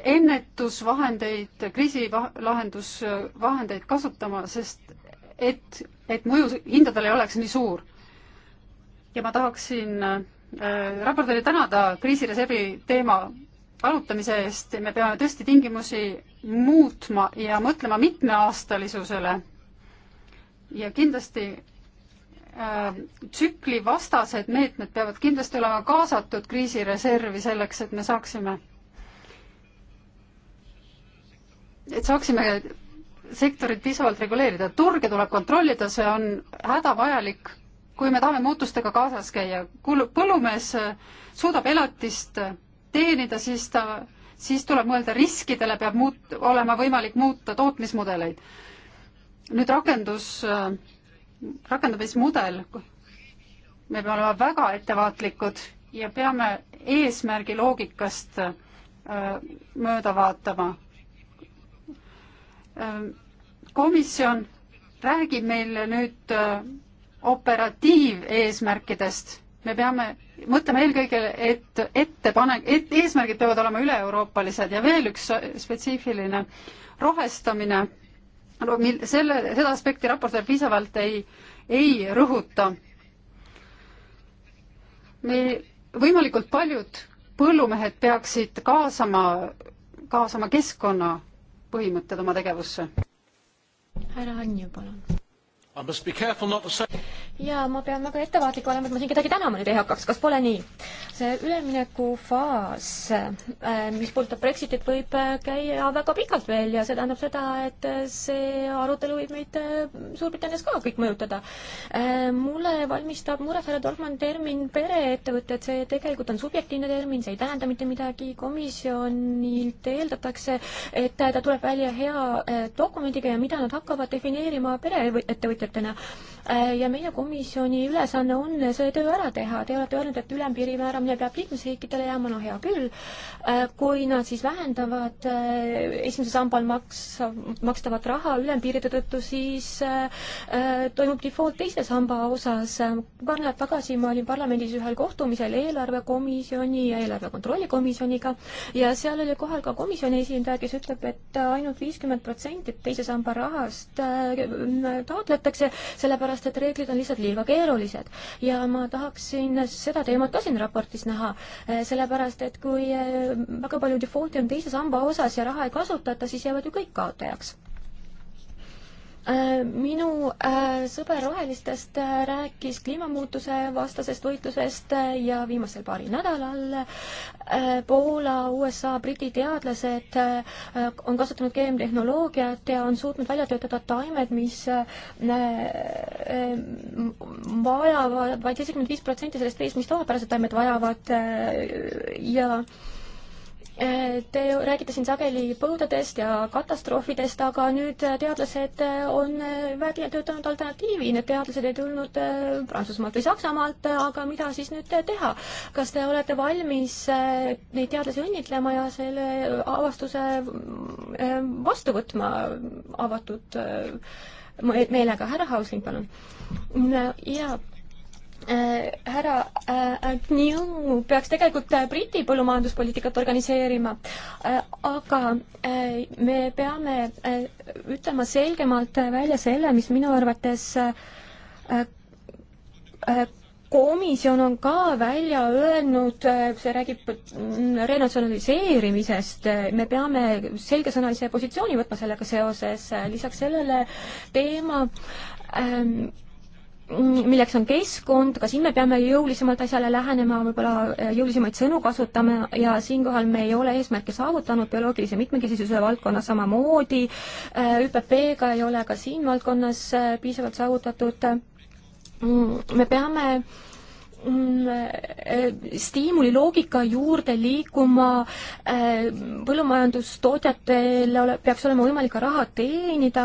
ennetusvahendeid, kriisilahendusvahendeid kasutama, sest et, et mõju hindadel ei oleks nii suur. ja ma tahaksin äh, raportööri tänada kriisireservi teema arutamise eest, me peame tõesti tingimusi muutma ja mõtlema mitmeaastalisusele. ja kindlasti äh, tsüklivastased meetmed peavad kindlasti olema kaasatud kriisireservi selleks, et me saaksime, et saaksime sektorit piisavalt reguleerida, turge tuleb kontrollida, see on hädavajalik, kui me tahame muutustega kaasas käia. põllumees äh, suudab elatist äh, teenida, siis ta, siis tuleb mõelda riskidele, peab muut-, olema võimalik muuta tootmismudeleid. nüüd rakendus, rakendamismudel, me peame olema väga ettevaatlikud ja peame eesmärgi loogikast äh, mööda vaatama. Ähm, komisjon räägib meile nüüd äh, operatiiveesmärkidest me peame mõtlema eelkõige, et ettepanek, et eesmärgid peavad olema üle-euroopalised ja veel üks spetsiifiline rohestamine, mil selle, seda aspekti raportöör piisavalt ei, ei rõhuta. meil võimalikult paljud põllumehed peaksid kaasama, kaasama keskkonna põhimõtted oma tegevusse. härra Anju, palun ja ma pean väga ettevaatlik olema, et ma siin kedagi tänama nüüd ei hakkaks, kas pole nii? see üleminekufaas, äh, mis puudutab Brexitit, võib äh, käia väga pikalt veel ja see tähendab seda, et äh, see arutelu võib meid Suurbritannias ka kõik mõjutada. mulle valmistab muret härra Dorfmann termin pereettevõtted, see tegelikult on subjektiivne termin, see ei tähenda mitte midagi, komisjonilt eeldatakse, et ta tuleb välja hea dokumendiga ja mida nad hakkavad defineerima pereettevõtjatena ettevõtjatena. Äh, ja meie komisjoni ülesanne on see töö ära teha, te olete öelnud, et ülempiiri määramine peab liikmesriikidele jääma, no hea küll, äh, kui nad siis vähendavad äh, esimesel sambal maksa, makstavat raha ülempiiride tõttu, siis toimub default teise samba osas. paar nädalat tagasi ma olin parlamendis ühel kohtumisel eelarvekomisjoni ja eelarve kontrolli komisjoniga ja seal oli kohal ka komisjoni esindaja, kes ütleb, et ainult viiskümmend protsenti teise samba rahast taotletakse muudetakse, sellepärast et reeglid on lihtsalt liiga keerulised. ja ma tahaksin seda teemat ka siin raportis näha, eh, sellepärast et kui eh, väga palju defaulti on teise samba osas ja raha ei kasutata, siis jäävad ju kõik kaotajaks Äh, minu äh, sõber Rohelistest äh, rääkis kliimamuutuse vastasest võitlusest ja viimasel paaril nädalal Poola, USA, Briti teadlased on kasutanud keemiatehnoloogiat ja on suutnud välja töötada taimed, mis vajavad vaid seitsekümmend viis protsenti sellest veest, mis tavapärased taimed vajavad ja Te räägite siin sageli põudadest ja katastroofidest, aga nüüd teadlased on välja töötanud alternatiivi, need teadlased ei tulnud äh, Prantsusmaalt või Saksamaalt, aga mida siis nüüd teha? kas te olete valmis äh, neid teadlasi õnnitlema ja selle avastuse äh, vastu võtma avatud meelega? härra Hausling, palun. jaa Äh, härra äh, Agnew peaks tegelikult äh, Briti põllumajanduspoliitikat organiseerima, aga me peame ütlema selgemalt välja selle, mis minu arvates komisjon on ka välja öelnud, see räägib mm, renatsionaliseerimisest, me peame selgesõnalise positsiooni võtma sellega seoses, lisaks sellele teema ähm, milleks on keskkond, ka siin me peame jõulisemalt asjale lähenema, võib-olla äh, jõulisemaid sõnu kasutama ja siinkohal me ei ole eesmärke saavutanud, bioloogilise mitmekesisuse valdkonnas samamoodi, äh, ÜPP-ga ei ole ka siin valdkonnas äh, piisavalt saavutatud. Mm, me peame äh, Mm, eh, stiimuliloogika juurde liikuma, eh, põllumajandustootjatel peaks olema võimalik ka raha teenida,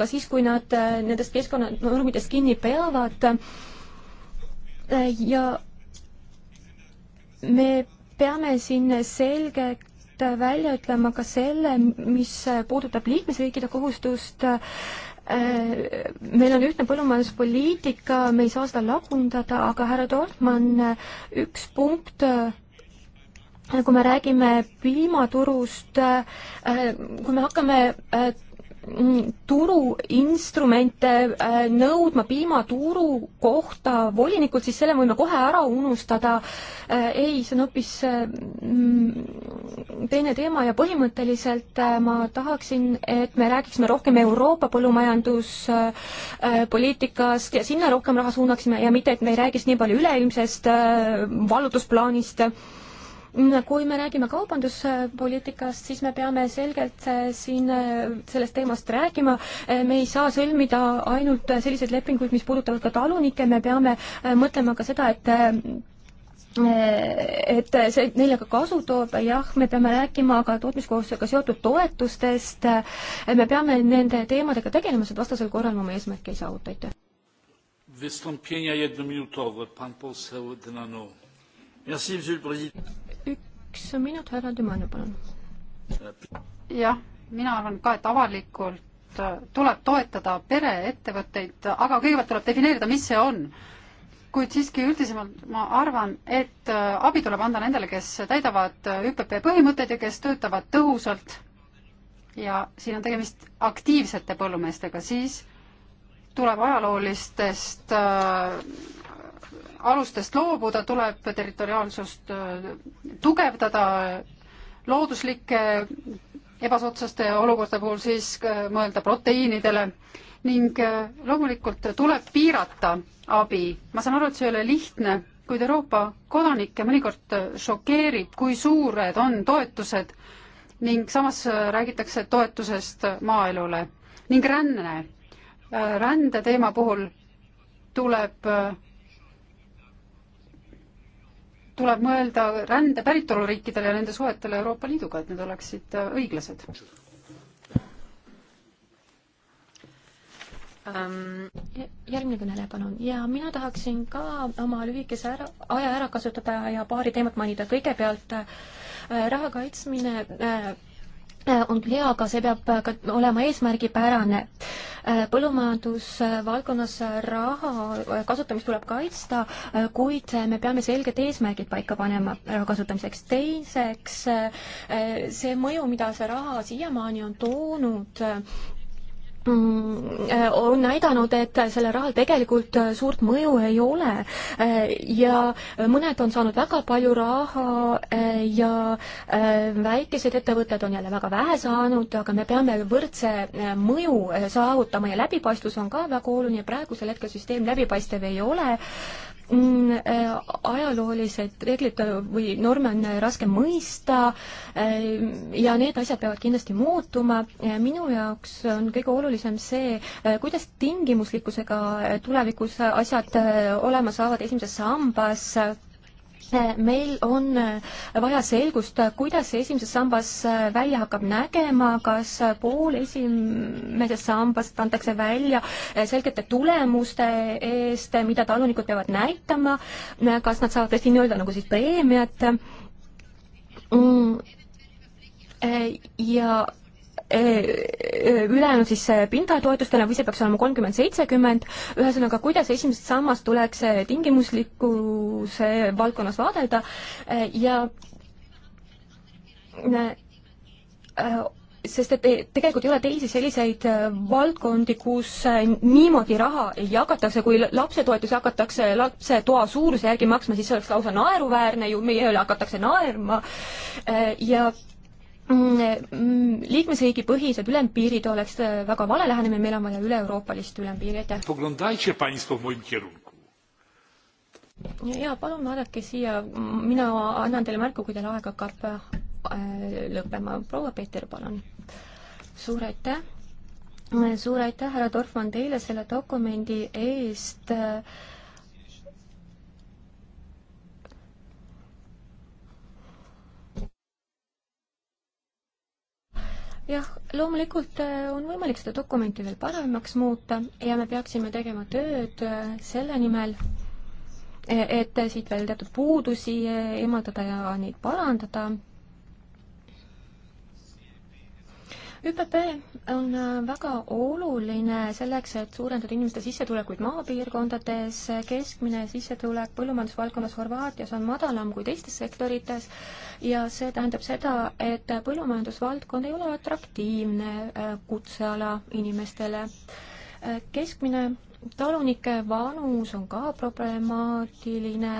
ka siis, kui nad eh, nendest keskkonnanormidest kinni peavad ja me peame siin selgeks välja ütlema ka selle, mis puudutab liikmesriikide kohustust äh, Äh, meil on ühtne põllumajanduspoliitika, me ei saa seda lagundada, aga härra Dortmann, äh, üks punkt äh, kui me räägime piimaturust, kui me hakkame Mm, turuinstrumente äh, nõudma piimaturu kohta volinikult, siis selle võime kohe ära unustada. Äh, ei, see on hoopis äh, mm, teine teema ja põhimõtteliselt ma tahaksin, et me räägiksime rohkem Euroopa põllumajanduspoliitikast ja sinna rohkem raha suunaksime ja mitte, et me ei räägiks nii palju üleilmsest vallutusplaanist Mm, kui me räägime kaubanduspoliitikast, siis me peame selgelt äh, siin äh, sellest teemast rääkima, äh, me ei saa sõlmida ainult selliseid lepinguid, mis puudutavad ka talunikke, me peame mõtlema ka seda, et et see neile ka kasu toob, jah, me peame rääkima ka tootmiskohustusega seotud toetustest, me peame nende teemadega tegelema, sest vastasel korral me oma eesmärke ei saavuta, aitäh. Wystąpienia jednominutowe, pan poseł Denano. Merci, monsieur le président üks minut, härra Tümanju, palun. jah, mina arvan ka, et avalikult äh, tuleb toetada pereettevõtteid, aga kõigepealt tuleb defineerida, mis see on. kuid siiski üldisemalt ma arvan, et äh, abi tuleb anda nendele, kes täidavad äh, ÜPP põhimõtteid ja kes töötavad tõhusalt ja siin on tegemist aktiivsete põllumeestega, siis tuleb ajaloolistest äh, alustest loobuda, tuleb territoriaalsust äh, tugevdada, looduslike ebasoodsaste olukordade puhul siis äh, mõelda proteiinidele ning äh, loomulikult tuleb piirata abi. ma saan aru, et see ei ole lihtne, kuid Euroopa kodanikke mõnikord šokeerib, kui suured on toetused ning samas räägitakse toetusest maaelule ning ränne. rände teema puhul tuleb tuleb mõelda rände päritoluriikidele ja nende suhetele Euroopa Liiduga, et need oleksid äh, õiglased ähm,. järgmine kõneleja, palun. ja mina tahaksin ka oma lühikese ära, aja ära kasutada ja paari teemat mainida. kõigepealt äh, raha kaitsmine äh, Äh, on küll hea, aga see peab ka olema eesmärgipärane. Äh, põllumajandusvaldkonnas raha kasutamist tuleb kaitsta, äh, kuid me peame selged eesmärgid paika panema raha kasutamiseks. teiseks, see mõju, mida see raha siiamaani on toonud Mm, äh, on näidanud, et sellel rahal tegelikult äh, suurt mõju ei ole äh, ja mõned on saanud väga palju raha ja väikesed ettevõtted on jälle väga vähe saanud, aga me peame võrdse mõju saavutama ja läbipaistvus on ka väga oluline, praegusel hetkel süsteem läbipaistev ei ole Mm, äh, ajaloolised reeglid või norme on äh, raske mõista äh, ja need asjad peavad kindlasti muutuma. minu jaoks on kõige olulisem see, kuidas tingimuslikkusega tulevikus asjad olema saavad esimeses sambas Äh, meil on äh, vaja selgust, äh, kuidas see esimeses sambas välja hakkab nägema, kas pool esimesest sambast antakse välja selgete tulemuste eest, mida talunikud peavad näitama, kas nad saavad tõesti nii-öelda nagu siis preemiat mm ja Äh, äh, ülejäänud siis äh, pindatoetustele või see peaks olema kolmkümmend, seitsekümmend, ühesõnaga, kuidas esimest sammast tuleks tingimuslikkuse valdkonnas vaadelda ja sest et tegelikult ei ole teisi selliseid valdkondi, kus niimoodi raha jagatakse, kui lapsetoetusi hakatakse lapse toa suuruse järgi maksma, siis see oleks lausa naeruväärne ju, meie üle hakatakse naerma ja Mm, mm, liikmesriigi põhised ülempiirid oleks äh, väga vale lähenemine, meil on vaja üle-euroopalist ülempiiri, aitäh. ja palun vaadake siia, mina annan teile märku, kui teil aeg hakkab äh, lõppema. proua Peeter, palun. suur aitäh, suur aitäh, härra Dorfmann, teile selle dokumendi eest äh, jah, loomulikult äh, on võimalik seda dokumenti veel paremaks muuta ja me peaksime tegema tööd äh, selle nimel, e, et siit veel teatud puudusi äh, eemaldada ja neid parandada ÜPP on äh, väga oluline selleks, et suurendada inimeste sissetulekuid maapiirkondades, keskmine sissetulek põllumajandusvaldkonnas Horvaatias on madalam kui teistes sektorites ja see tähendab seda, et põllumajandusvaldkond ei ole atraktiivne äh, kutseala inimestele. Äh, keskmine talunike vanus on ka problemaatiline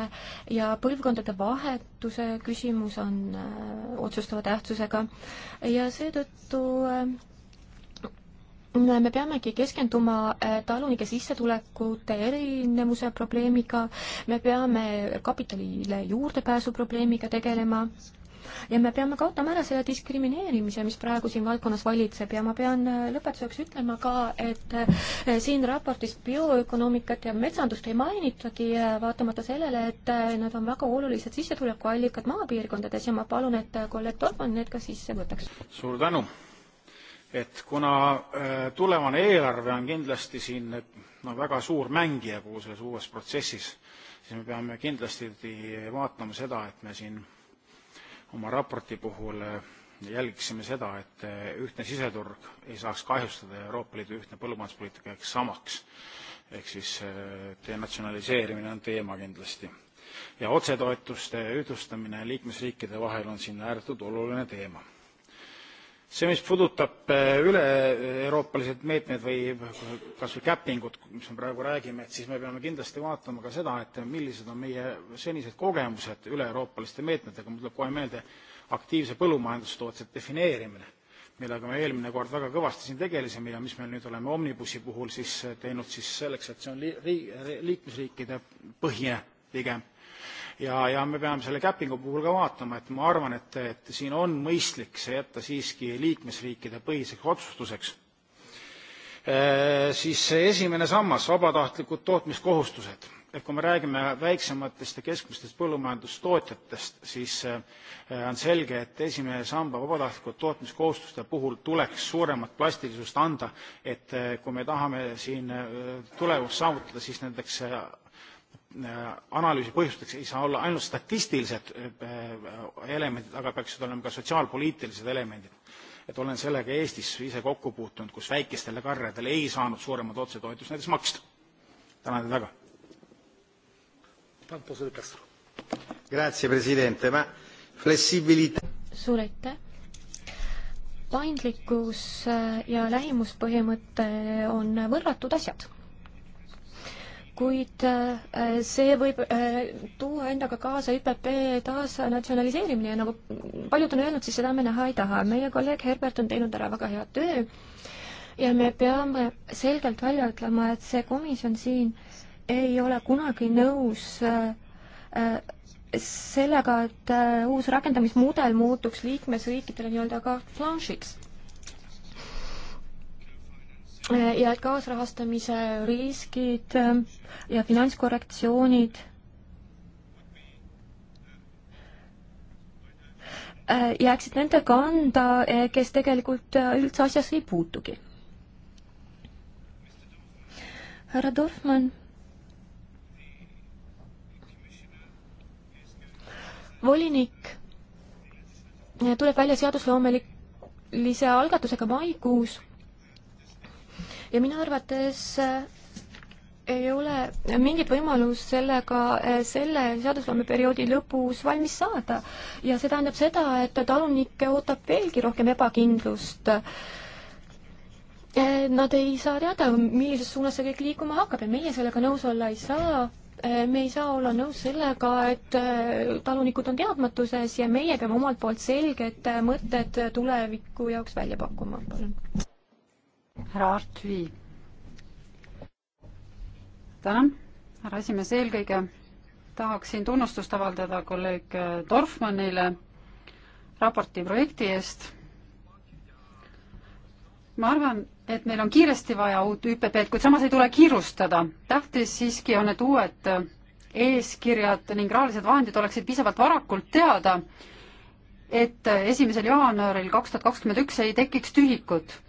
ja põlvkondade vahetuse küsimus on äh, otsustava tähtsusega ja seetõttu äh, me peamegi keskenduma äh, talunike sissetulekute erinevuse probleemiga, me peame kapitalile juurdepääsu probleemiga tegelema ja me peame kaotama ära selle diskrimineerimise, mis praegu siin valdkonnas valitseb ja ma pean äh, lõpetuseks ütlema ka, et äh, siin raportis bioökonoomikat ja metsandust ei mainitagi, äh, vaatamata sellele, et nad on väga olulised sissetulekuallikad maapiirkondades ja ma palun, et kolleeg Dorman need ka sisse võtaks. suur tänu! et kuna tulevane eelarve on kindlasti siin no väga suur mängija kogu selles uues protsessis, siis me peame kindlasti vaatama seda, et me siin oma raporti puhul äh, jälgiksime seda, et äh, ühtne siseturg ei saaks kahjustada Euroopa Liidu ühtne põllumajanduspoliitika jääks samaks. ehk siis äh, denatsionaliseerimine on teema kindlasti. ja otsetoetuste ühtlustamine liikmesriikide vahel on siin ääretult oluline teema see, mis puudutab äh, üle-euroopalised äh, meetmed või kas või capping ut, mis me praegu räägime, et siis me peame kindlasti vaatama ka seda, et millised on meie senised kogemused üle-euroopaliste meetmetega, mul tuleb kohe meelde aktiivse põllumajandustootse defineerimine, millega me eelmine kord väga kõvasti siin tegelesime ja mis me nüüd oleme Omnibusi puhul siis teinud siis selleks, et see on li-, liikmesriikide põhine pigem ja, ja me peame selle käpingu puhul ka vaatama, et ma arvan, et, et siin on mõistlik see jätta siiski liikmesriikide põhiseks otsustuseks e,. siis esimene sammas, vabatahtlikud tootmiskohustused. et kui me räägime väiksematest ja keskmistest põllumajandustootjatest, siis äh, on selge, et esimene samba vabatahtlikud tootmiskohustuste puhul tuleks suuremat plastilisust anda, et äh, kui me tahame siin tulemust saavutada, siis nendeks Äh, analüüsi põhjusteks ei saa olla ainult statistilised äh, äh, elemendid, aga peaksid olema ka sotsiaalpoliitilised elemendid. et olen sellega Eestis ise kokku puutunud, kus väikestele karjadele ei saanud suuremat otsetoetust näiteks maksta. tänan teid väga. Grazie Presidente, ma flessibilità. suur aitäh paindlikkus ja lähimuspõhimõte on võrratud asjad kuid äh, see võib äh, tuua endaga kaasa ÜPP taasnatsionaliseerimine ja nagu paljud on öelnud, siis seda me näha ei taha. meie kolleeg Herbert on teinud ära väga hea töö ja me peame selgelt välja ütlema, et see komisjon siin ei ole kunagi nõus äh, sellega, et uus rakendamismudel muutuks liikmesriikidele nii-öelda ka flanšiks Eh, ja et kaasrahastamise riskid eh, ja finantskorrektsioonid eh, jääksid nende kanda, kes tegelikult üldse asjasse ei puutugi. härra Dorfmann. volinik tuleb välja seadusloomelise algatusega maikuus ja minu arvates äh, ei ole mingit võimalust sellega äh, selle seadusloomeperioodi lõpus valmis saada. ja see tähendab seda, et talunikke ootab veelgi rohkem ebakindlust. Äh, nad ei saa teada, millises suunas see kõik liikuma hakkab ja meie sellega nõus olla ei saa me ei saa olla nõus sellega, et talunikud on teadmatuses ja meie peame omalt poolt selged mõtted tuleviku jaoks välja pakkuma, palun härra Artvi. tänan, härra esimees, eelkõige tahaksin tunnustust avaldada kolleeg Dorfmannile raporti projekti eest. ma arvan, et meil on kiiresti vaja uut ÜPP-d, kuid samas ei tule kiirustada. tähtis siiski on, et uued eeskirjad ning rahalised vahendid oleksid piisavalt varakult teada, et esimesel jaanuaril kaks tuhat kakskümmend üks ei tekiks tühikut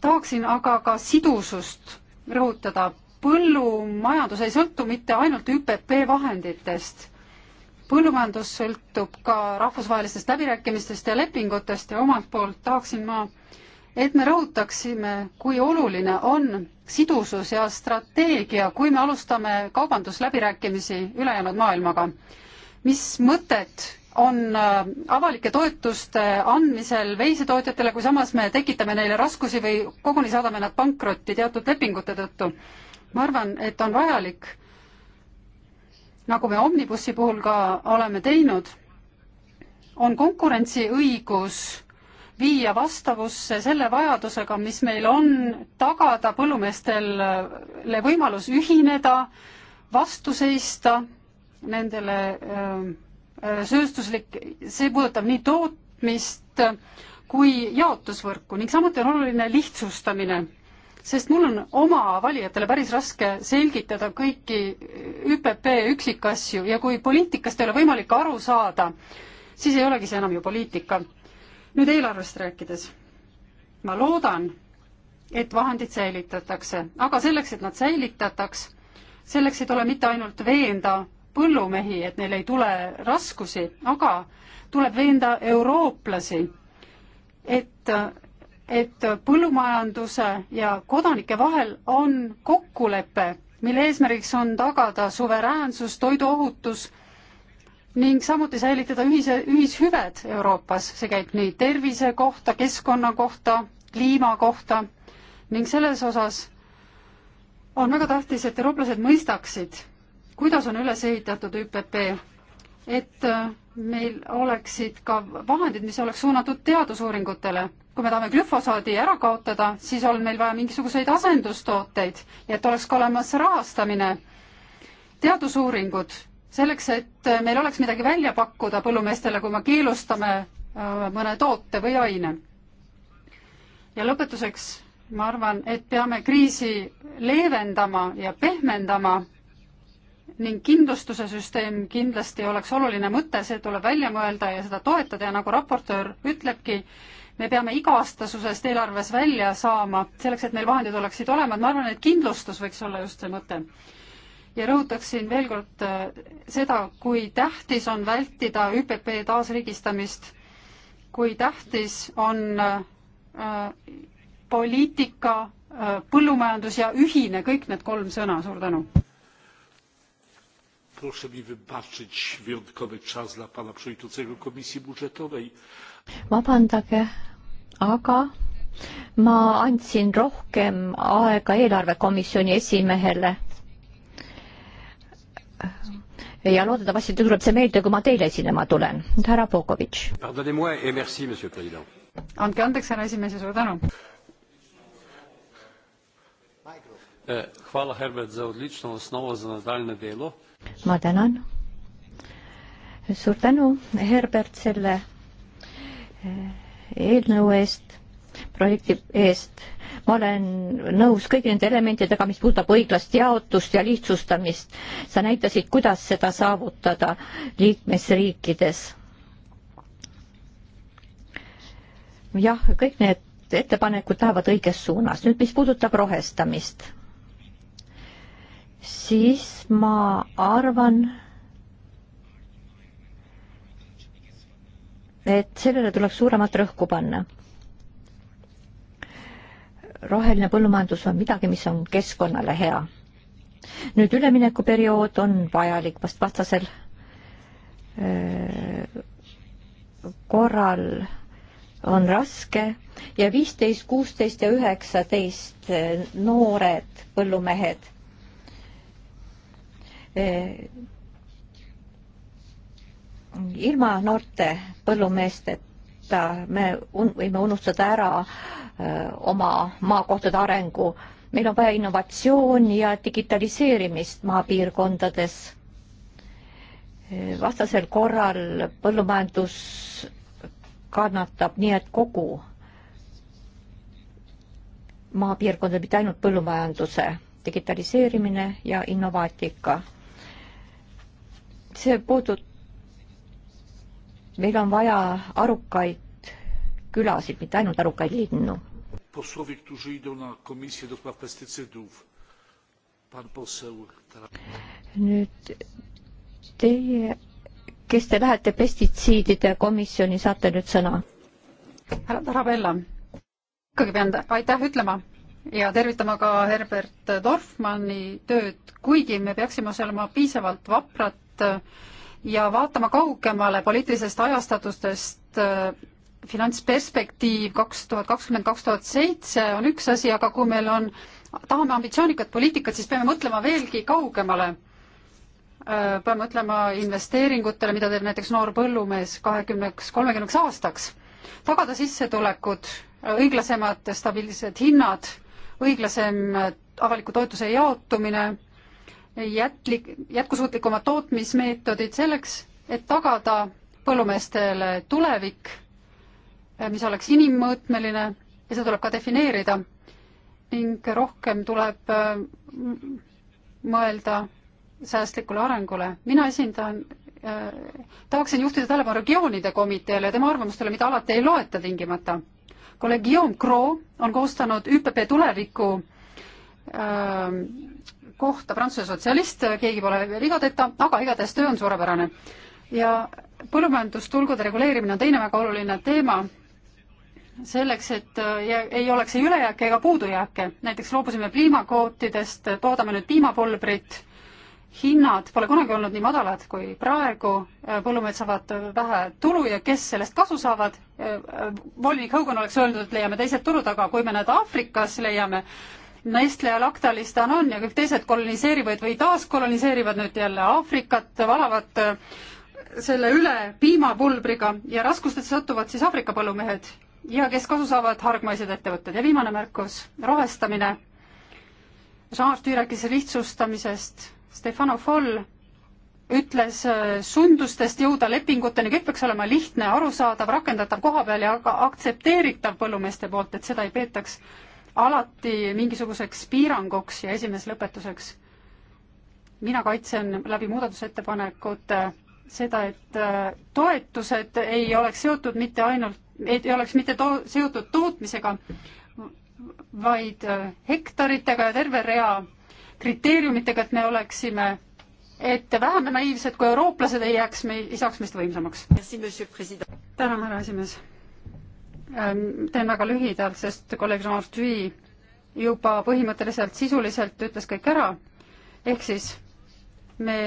tahaksin aga ka sidusust rõhutada. põllumajandus ei sõltu mitte ainult ÜPP vahenditest. põllumajandus sõltub ka rahvusvahelistest läbirääkimistest ja lepingutest ja omalt poolt tahaksin ma, et me rõhutaksime, kui oluline on sidusus ja strateegia, kui me alustame kaubandusläbirääkimisi ülejäänud maailmaga. mis mõtet on äh, avalike toetuste andmisel veisetootjatele, kui samas me tekitame neile raskusi või koguni saadame nad pankrotti teatud lepingute tõttu. ma arvan, et on vajalik, nagu me Omnibussi puhul ka oleme teinud, on konkurentsiõigus viia vastavusse selle vajadusega, mis meil on, tagada põllumeestele võimalus ühineda, vastu seista nendele öö, äh, sööstuslik, see puudutab nii tootmist kui jaotusvõrku ning samuti on oluline lihtsustamine, sest mul on oma valijatele päris raske selgitada kõiki ÜPP üksikasju ja kui poliitikast ei ole võimalik aru saada, siis ei olegi see enam ju poliitika. nüüd eelarvest rääkides, ma loodan, et vahendid säilitatakse, aga selleks, et nad säilitataks, selleks ei tule mitte ainult veenda põllumehi, et neil ei tule raskusi, aga tuleb veenda eurooplasi, et, et põllumajanduse ja kodanike vahel on kokkulepe, mille eesmärgiks on tagada suveräänsus, toiduohutus ning samuti säilitada ühise, ühishüved Euroopas, see käib nii tervise kohta, keskkonna kohta, kliima kohta ning selles osas on väga tähtis, et eurooplased mõistaksid kuidas on üles ehitatud ÜPP, et äh, meil oleksid ka vahendid, mis oleks suunatud teadusuuringutele. kui me tahame glüfosaadi ära kaotada, siis on meil vaja mingisuguseid asendustooteid ja et oleks ka olemas rahastamine. teadusuuringud, selleks, et äh, meil oleks midagi välja pakkuda põllumeestele, kui me keelustame äh, mõne toote või aine. ja lõpetuseks ma arvan, et peame kriisi leevendama ja pehmendama ning kindlustuse süsteem kindlasti oleks oluline mõte, see tuleb välja mõelda ja seda toetada ja nagu raportöör ütlebki, me peame iga-aastasusest eelarves välja saama, selleks et meil vahendid oleksid olemas, ma arvan, et kindlustus võiks olla just see mõte. ja rõhutaksin veel kord äh, seda, kui tähtis on vältida ÜPP taasriigistamist, kui tähtis on äh, poliitika äh,, põllumajandus ja ühine, kõik need kolm sõna, suur tänu! proszę mi wybaczyć wyjątkowy czas dla pana przewodniczącego komisji budżetowej. vabandage, aga ma andsin rohkem aega eelarvekomisjoni esimehele. ja loodetavasti tuleb see meelde, kui ma teile esinema tulen. härra Pokovitš. andke andeks, härra esimees ja suur tänu. E, hvala, Herbert, za odlično osnovo za nadaljne delo. ma tänan. suur tänu, Herbert, selle e, eelnõu eest, projekti eest. ma olen nõus kõigi nende elementidega, mis puudutab õiglast jaotust ja lihtsustamist. sa näitasid, kuidas seda saavutada liikmesriikides. jah, kõik need ettepanekud lähevad õiges suunas. nüüd, mis puudutab rohestamist siis ma arvan, et sellele tuleks suuremat rõhku panna. roheline põllumajandus on midagi, mis on keskkonnale hea. nüüd üleminekuperiood on vajalik, vast vastasel korral on raske ja viisteist, kuusteist ja üheksateist noored põllumehed Eh, ilma noorte põllumeesteta me un võime unustada ära eh, oma maakohtade arengu. meil on vaja innovatsiooni ja digitaliseerimist maapiirkondades. Eh, vastasel korral põllumajandus kannatab nii, et kogu maapiirkondade, mitte ainult põllumajanduse digitaliseerimine ja innovaatika see puudut-, meil on vaja arukaid külasid, mitte ainult arukaid linnu. nüüd teie, kes te lähete pestitsiidide komisjoni, saate nüüd sõna. härra Tarabella, ikkagi pean aitäh ütlema ja tervitama ka Herbert Dorfmanni tööd, kuigi me peaksime olema piisavalt vaprad eest ja vaatama kaugemale poliitilisest ajastatustest äh, finantsperspektiiv kaks tuhat kakskümmend, kaks tuhat seitse on üks asi, aga kui meil on, tahame ambitsioonikat poliitikat, siis peame mõtlema veelgi kaugemale. Äh, peame mõtlema investeeringutele, mida teeb näiteks noor põllumees kahekümneks, kolmekümneks aastaks. tagada sissetulekud, õiglasemad stabiilsed hinnad, õiglasem äh, avaliku toetuse jaotumine jätlik, jätkusuutlikumad tootmismeetodid selleks, et tagada põllumeestele tulevik, eh, mis oleks inimmõõtmeline ja seda tuleb ka defineerida ning rohkem tuleb eh, mõelda säästlikule arengule. mina esindan äh,, tahaksin juhtida tähelepanu regioonide komiteele ja tema arvamustele, mida alati ei loeta tingimata. kolleeg Guillaume Cro on koostanud ÜPP tuleviku äh, kohta Prantsuse sotsialist, keegi pole vigadeta, aga igatahes töö on suurepärane. ja põllumajandustulgude reguleerimine on teine väga oluline teema, selleks, et ei oleks ei ülejääke ega puudujääke. näiteks loobusime piimakvootidest, toodame nüüd piimapulbrit, hinnad pole kunagi olnud nii madalad kui praegu, põllumehed saavad vähe tulu ja kes sellest kasu saavad, volinik Haugen oleks öelnud, et leiame teised turud, aga kui me need Aafrikas leiame, Nestle ja Lactalistan on ja kõik teised koloniseerivad või taaskoloniseerivad nüüd jälle Aafrikat, valavad äh, selle üle piimapulbriga ja raskustesse satuvad siis Aafrika põllumehed ja kes kasu saavad hargmaised ettevõtted. ja viimane märkus, rohestamine. Jean Artüü rääkis lihtsustamisest, Stefano Foll ütles äh, sundustest jõuda lepinguteni, kõik peaks olema lihtne, arusaadav, rakendatav koha peal ja aktsepteeritav põllumeeste poolt, et seda ei peetaks alati mingisuguseks piiranguks ja esimees lõpetuseks. mina kaitsen läbi muudatusettepanekute seda, et äh, toetused ei oleks seotud mitte ainult, et ei oleks mitte to-, seotud tootmisega, vaid äh, hektaritega ja terve rea kriteeriumitega, et me oleksime, et vähem naiivsed kui eurooplased ei jääks, me ei saaks meist võimsamaks. tänan, härra esimees Ähm, teen väga lühidalt, sest kolleeg Jean Artui juba põhimõtteliselt sisuliselt ütles kõik ära, ehk siis me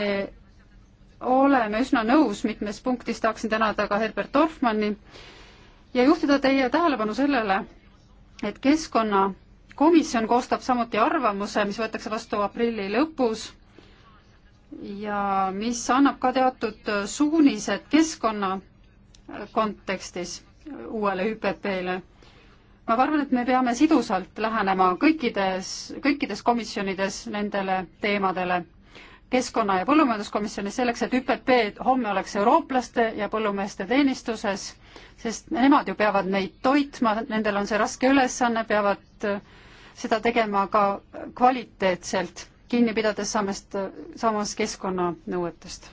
oleme üsna nõus mitmes punktis, tahaksin tänada ka Herbert Dorfmanni ja juhtida teie tähelepanu sellele, et keskkonnakomisjon koostab samuti arvamuse, mis võetakse vastu aprilli lõpus ja mis annab ka teatud suunised keskkonna kontekstis uuele ÜPP-le. ma arvan, et me peame sidusalt lähenema kõikides, kõikides komisjonides nendele teemadele keskkonna- ja põllumajanduskomisjonis selleks, et ÜPP homme oleks eurooplaste ja põllumeeste teenistuses, sest nemad ju peavad meid toitma, nendel on see raske ülesanne, peavad äh, seda tegema ka kvaliteetselt, kinni pidades samast, samas keskkonnanõuetest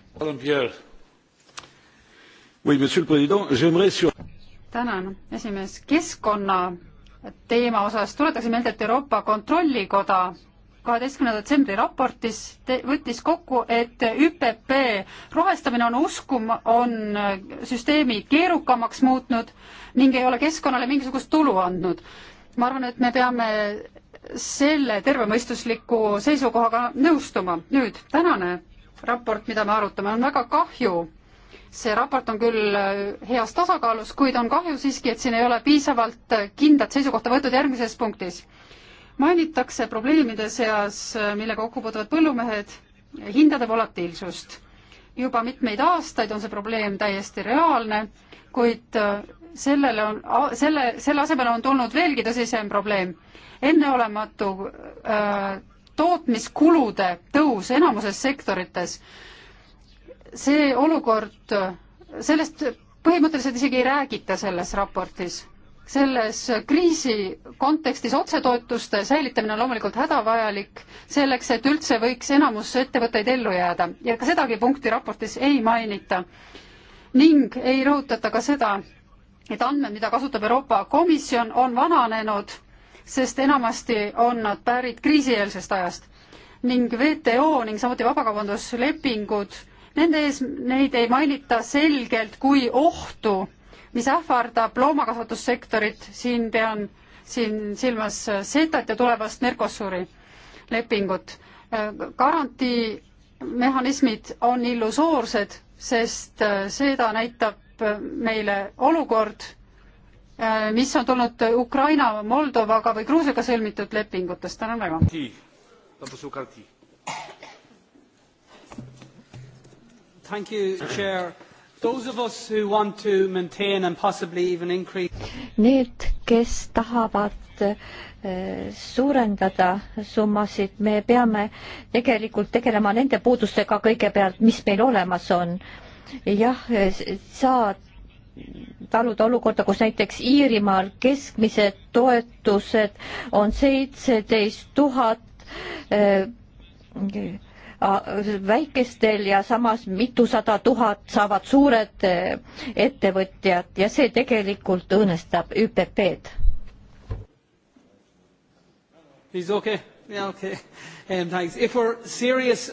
tänan, esimees. keskkonna teema osas tuletaksin meelde, et Euroopa Kontrollikoda kaheteistkümnenda detsembri raportis te, võttis kokku, et ÜPP rohestamine on uskum-, on süsteemi keerukamaks muutnud ning ei ole keskkonnale mingisugust tulu andnud. ma arvan, et me peame selle tervemõistusliku seisukohaga nõustuma. nüüd tänane raport, mida me arutame, on väga kahju see raport on küll äh, heas tasakaalus, kuid on kahju siiski, et siin ei ole piisavalt äh, kindlat seisukohta võetud järgmises punktis. mainitakse probleemide seas, äh, millega kokku puutuvad põllumehed, hindade volatiilsust. juba mitmeid aastaid on see probleem täiesti reaalne, kuid sellele on, selle, selle asemele on tulnud veelgi tõsisem probleem. enneolematu äh, tootmiskulude tõus enamuses sektorites äh, see olukord, sellest põhimõtteliselt isegi ei räägita selles raportis. selles kriisi kontekstis otsetoetuste säilitamine on loomulikult hädavajalik selleks, et üldse võiks enamus ettevõtteid ellu jääda ja ka sedagi punkti raportis ei mainita. ning ei rõhutata ka seda, et andmed, mida kasutab Euroopa Komisjon, on vananenud, sest enamasti on nad pärit kriisieelsest ajast ning WTO ning samuti vabakaubanduslepingud Nende ees, neid ei mainita selgelt kui ohtu, mis ähvardab loomakasvatussektorit, siin pean siin silmas setat ja tulevast Mercosuri lepingut. garantiimehhanismid on illusoorsed, sest äh, seda näitab äh, meile olukord, äh, mis on tulnud Ukraina, Moldovaga või Gruusiaga sõlmitud lepingutest, tänan väga. Thank you, Chair. Those of us who want to maintain and possibly even increase Need, kes tahavad äh, suurendada summasid, me peame tegelikult tegelema nende puudustega kõigepealt, mis meil olemas on. jah, saa taluda olukorda, kus näiteks Iirimaal keskmised toetused on seitseteist tuhat eh, väikestel ja samas mitusada tuhat saavad suured eh, ettevõtjad ja see tegelikult õõnestab ÜPP-d. Okay. Yeah, okay.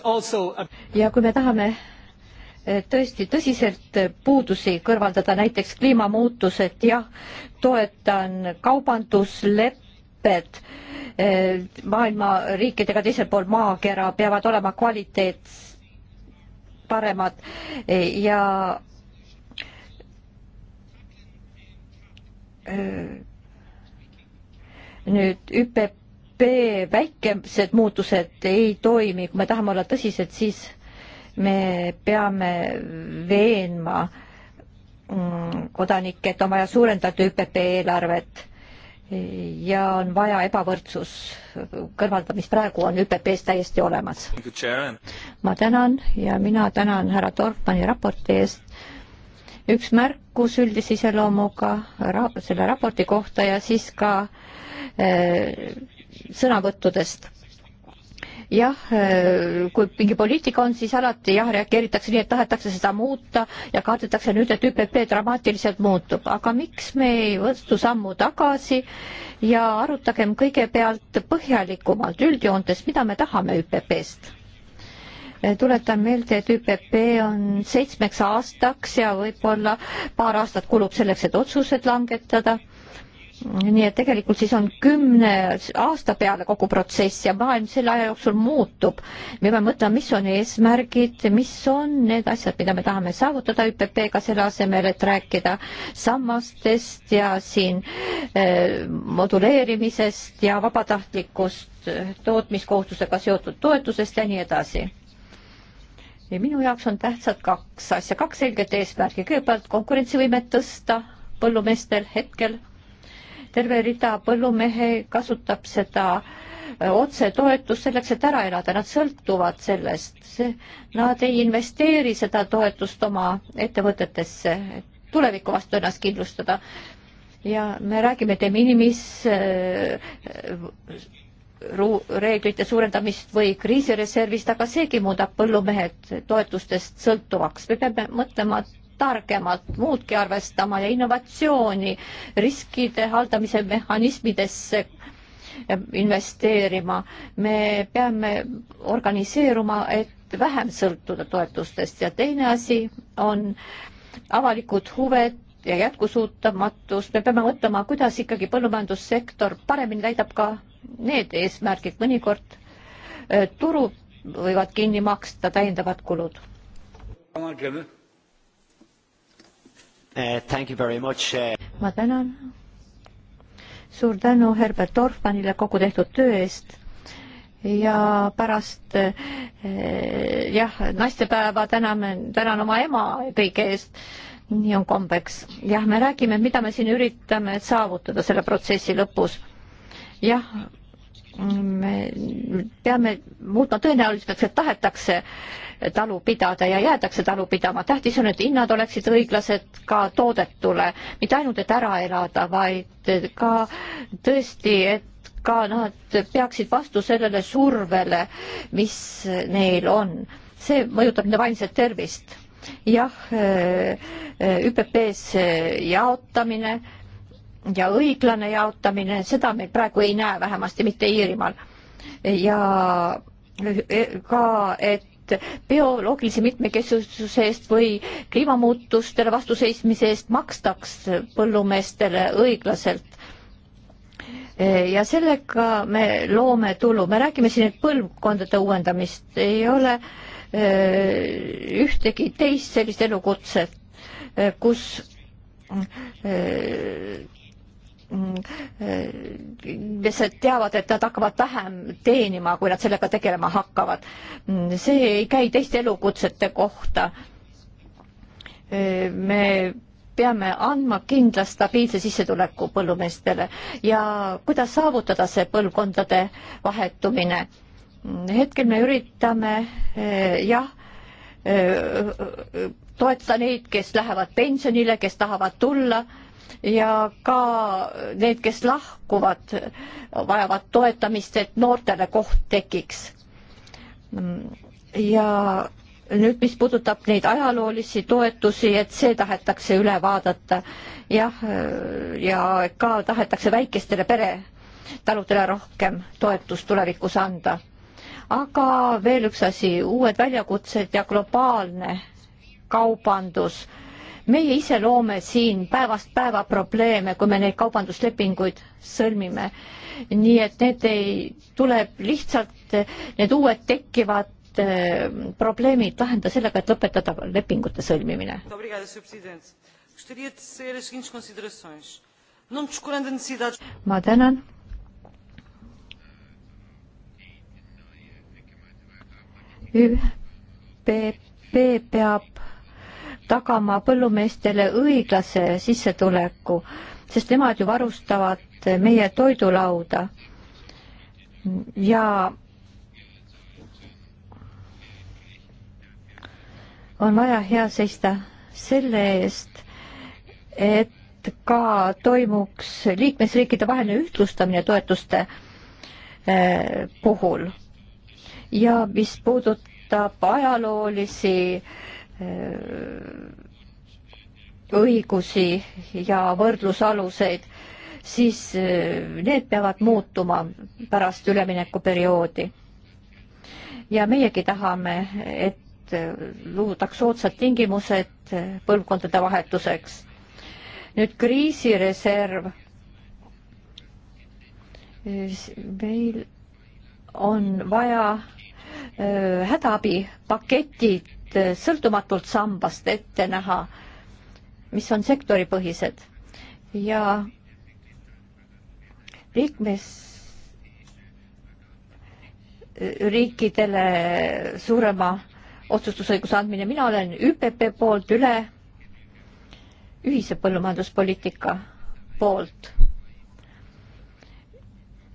Also... ja kui me tahame eh, tõesti tõsiselt puudusi kõrvaldada, näiteks kliimamuutused, jah, toetan kaubandusleppe lepped eh, maailma riikidega teisel pool maakera peavad olema kvaliteet paremad eh, ja eh, nüüd ÜPP väikesed muutused ei toimi, kui me tahame olla tõsised, siis me peame veenma mm, kodanikke, et on vaja suurendada ÜPP eelarvet ja on vaja ebavõrdsus kõrvaldada, mis praegu on ÜPP-s täiesti olemas. ma tänan ja mina tänan härra Dorfmanni raporti eest. üks märkus üldise iseloomuga ra selle raporti kohta ja siis ka äh, sõnavõttudest jah, äh, kui mingi poliitika on, siis alati jah, reageeritakse nii, et tahetakse seda muuta ja kardetakse nüüd, et ÜPP dramaatiliselt muutub, aga miks me ei võtu sammu tagasi ja arutagem kõigepealt põhjalikumalt üldjoontes, mida me tahame ÜPP-st. Äh, tuletan meelde, et ÜPP on seitsmeks aastaks ja võib-olla paar aastat kulub selleks, et otsused langetada nii et tegelikult siis on kümne aasta peale kogu protsess ja maailm selle aja jooksul muutub. me peame mõtlema, mis on eesmärgid, mis on need asjad, mida me tahame saavutada ÜPP-ga, selle asemel, et rääkida sammastest ja siin eh, moduleerimisest ja vabatahtlikust eh, tootmiskohustusega seotud toetusest ja nii edasi ja minu jaoks on tähtsad kaks asja, kaks selget eesmärki, kõigepealt konkurentsivõimet tõsta põllumeestel hetkel terve rida põllumehe kasutab seda äh, otsetoetust selleks, et ära elada, nad sõltuvad sellest, nad ei investeeri seda toetust oma ettevõtetesse, et tuleviku vastu ennast kindlustada. ja me räägime de minimis äh, reeglite suurendamist või kriisireservist, aga seegi muudab põllumehed toetustest sõltuvaks. me peame mõtlema targemalt muudki arvestama ja innovatsiooni riskide haldamise mehhanismidesse investeerima. me peame organiseeruma, et vähem sõltuda toetustest ja teine asi on avalikud huved ja jätkusuutamatus, me peame mõtlema, kuidas ikkagi põllumajandussektor paremini täidab ka need eesmärgid, mõnikord eh, turud võivad kinni maksta täiendavad kulud. Uh, uh, ma tänan. suur tänu Herbert Dorfmanile kogu tehtud töö eest ja pärast eh, jah, naistepäeva täname, tänan oma ema kõige eest, nii on kombeks. jah, me räägime, mida me siin üritame saavutada selle protsessi lõpus. jah, me peame muutma tõenäolisemaks, et tahetakse talu pidada ja jäädakse talu pidama. tähtis on, et hinnad oleksid õiglased ka toodetule, mitte ainult, et ära elada, vaid ka tõesti, et ka nad peaksid vastu sellele survele, mis neil on. see mõjutab nende vaimset tervist. jah, ÜPP-s jaotamine ja õiglane jaotamine, seda me praegu ei näe, vähemasti mitte Iirimaal. ja e, ka, et bioloogilise mitmekesisuse eest või kliimamuutustele vastuseismise eest makstaks põllumeestele õiglaselt. E, ja sellega me loome tulu, me räägime siin, et põlvkondade uuendamist ei ole e, ühtegi teist sellist elukutset, kus Mm, eh, lihtsalt teavad, et nad hakkavad vähem teenima, kui nad sellega tegelema hakkavad. Mm, see ei käi teiste elukutsete kohta. Eh, me peame andma kindla stabiilse sissetuleku põllumeestele ja kuidas saavutada see põlvkondade vahetumine. Mm, hetkel me üritame eh, jah, toetada neid, kes lähevad pensionile, kes tahavad tulla ja ka need, kes lahkuvad, vajavad toetamist, et noortele koht tekiks. ja nüüd, mis puudutab neid ajaloolisi toetusi, et see tahetakse üle vaadata. jah, ja ka tahetakse väikestele peretaludele rohkem toetust tulevikus anda. aga veel üks asi, uued väljakutsed ja globaalne kaubandus meie ise loome siin päevast päeva probleeme, kui me neid kaubanduslepinguid sõlmime. nii et need ei, tuleb lihtsalt, need uued tekkivad eh, probleemid lahendada sellega, et lõpetada lepingute sõlmimine. ma tänan. ÜPP peab tagama põllumeestele õiglase sissetuleku, sest nemad ju varustavad meie toidulauda. ja on vaja hea seista selle eest, et ka toimuks liikmesriikide vaheline ühtlustamine toetuste eh, puhul. ja mis puudutab ajaloolisi äh, Äh, õigusi ja võrdlusaluseid, siis äh, need peavad muutuma pärast üleminekuperioodi. ja meiegi tahame, et äh, luudaks soodsad tingimused põlvkondade vahetuseks. nüüd kriisireserv. meil on vaja hädaabipaketid Äh, sõltumatult sambast ette näha, mis on sektoripõhised ja liikmesriikidele suurema otsustusõiguse andmine, mina olen ÜPP poolt üle ühise põllumajanduspoliitika poolt.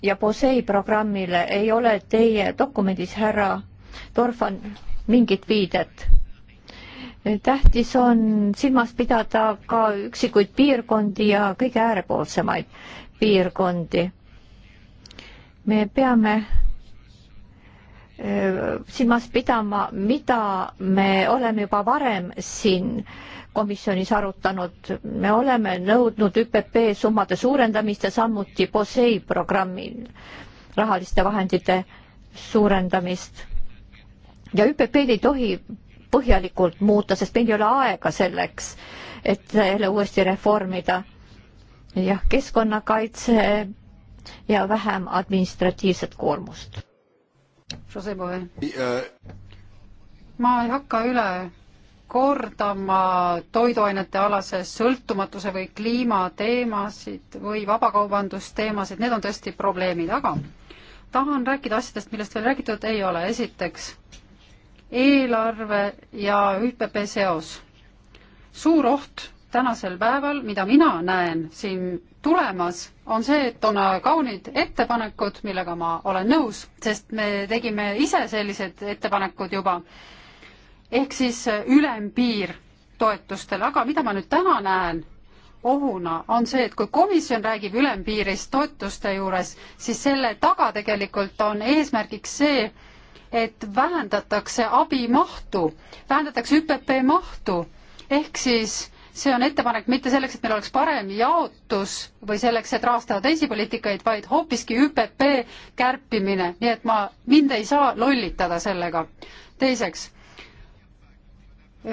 ja POSEI programmile ei ole teie dokumendis, härra Dorfan, mingit viidet. tähtis on silmas pidada ka üksikuid piirkondi ja kõige äärepoolsemaid piirkondi. me peame äh, silmas pidama, mida me oleme juba varem siin komisjonis arutanud. me oleme nõudnud ÜPP summade suurendamist ja samuti POSEI programmi rahaliste vahendite suurendamist ja ÜPP-d ei tohi põhjalikult muuta, sest meil ei ole aega selleks, et jälle uuesti reformida. jah, keskkonnakaitse ja vähem administratiivset koormust. Äh, ma ei hakka üle kordama toiduainete alase sõltumatuse või kliimateemasid või vabakaubandusteemasid, need on tõesti probleemid, aga tahan rääkida asjadest, millest veel räägitud ei ole. esiteks eelarve ja ÜPP seos. suur oht tänasel päeval, mida mina näen siin tulemas, on see, et on kaunid ettepanekud, millega ma olen nõus, sest me tegime ise sellised ettepanekud juba, ehk siis ülempiir toetustele, aga mida ma nüüd täna näen ohuna, on see, et kui komisjon räägib ülempiirist toetuste juures, siis selle taga tegelikult on eesmärgiks see, et vähendatakse abi mahtu, vähendatakse ÜPP mahtu, ehk siis see on ettepanek mitte selleks, et meil oleks parem jaotus või selleks, et rahastada teisi poliitikaid, vaid hoopiski ÜPP kärpimine, nii et ma, mind ei saa lollitada sellega. teiseks,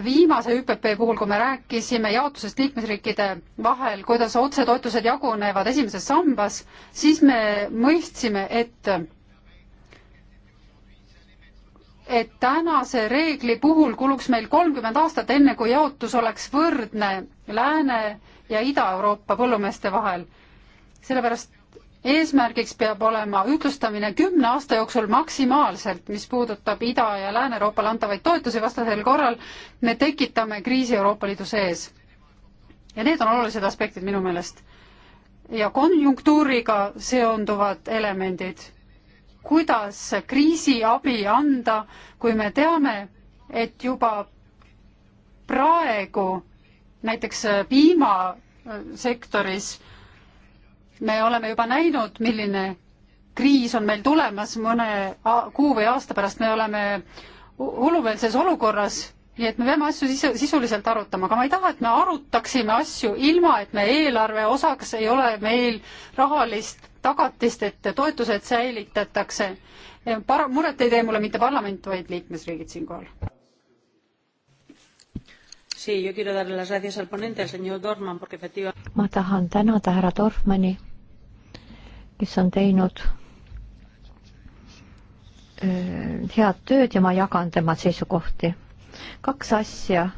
viimase ÜPP puhul, kui me rääkisime jaotusest liikmesriikide vahel, kuidas otsetoetused jagunevad esimeses sambas, siis me mõistsime, et et tänase reegli puhul kuluks meil kolmkümmend aastat, enne kui jaotus oleks võrdne Lääne- ja Ida-Euroopa põllumeeste vahel. sellepärast eesmärgiks peab olema ühtlustamine kümne aasta jooksul maksimaalselt, mis puudutab Ida- ja Lääne-Euroopale antavaid toetusi, vastasel korral me tekitame kriisi Euroopa Liidu sees. ja need on olulised aspektid minu meelest. ja konjunktuuriga seonduvad elemendid kuidas kriisiabi anda, kui me teame, et juba praegu näiteks piimasektoris me oleme juba näinud, milline kriis on meil tulemas mõne kuu või aasta pärast, me oleme hullumeelses olukorras nii et me peame asju sisu, sisuliselt arutama, aga ma ei taha, et me arutaksime asju ilma, et me eelarve osaks ei ole meil rahalist tagatist, et toetused säilitatakse. Para-, muret ei tee mulle mitte parlament, vaid liikmesriigid siinkohal. ma tahan tänada härra Dorfmanni, kes on teinud head tööd ja ma jagan tema seisukohti kaks asja,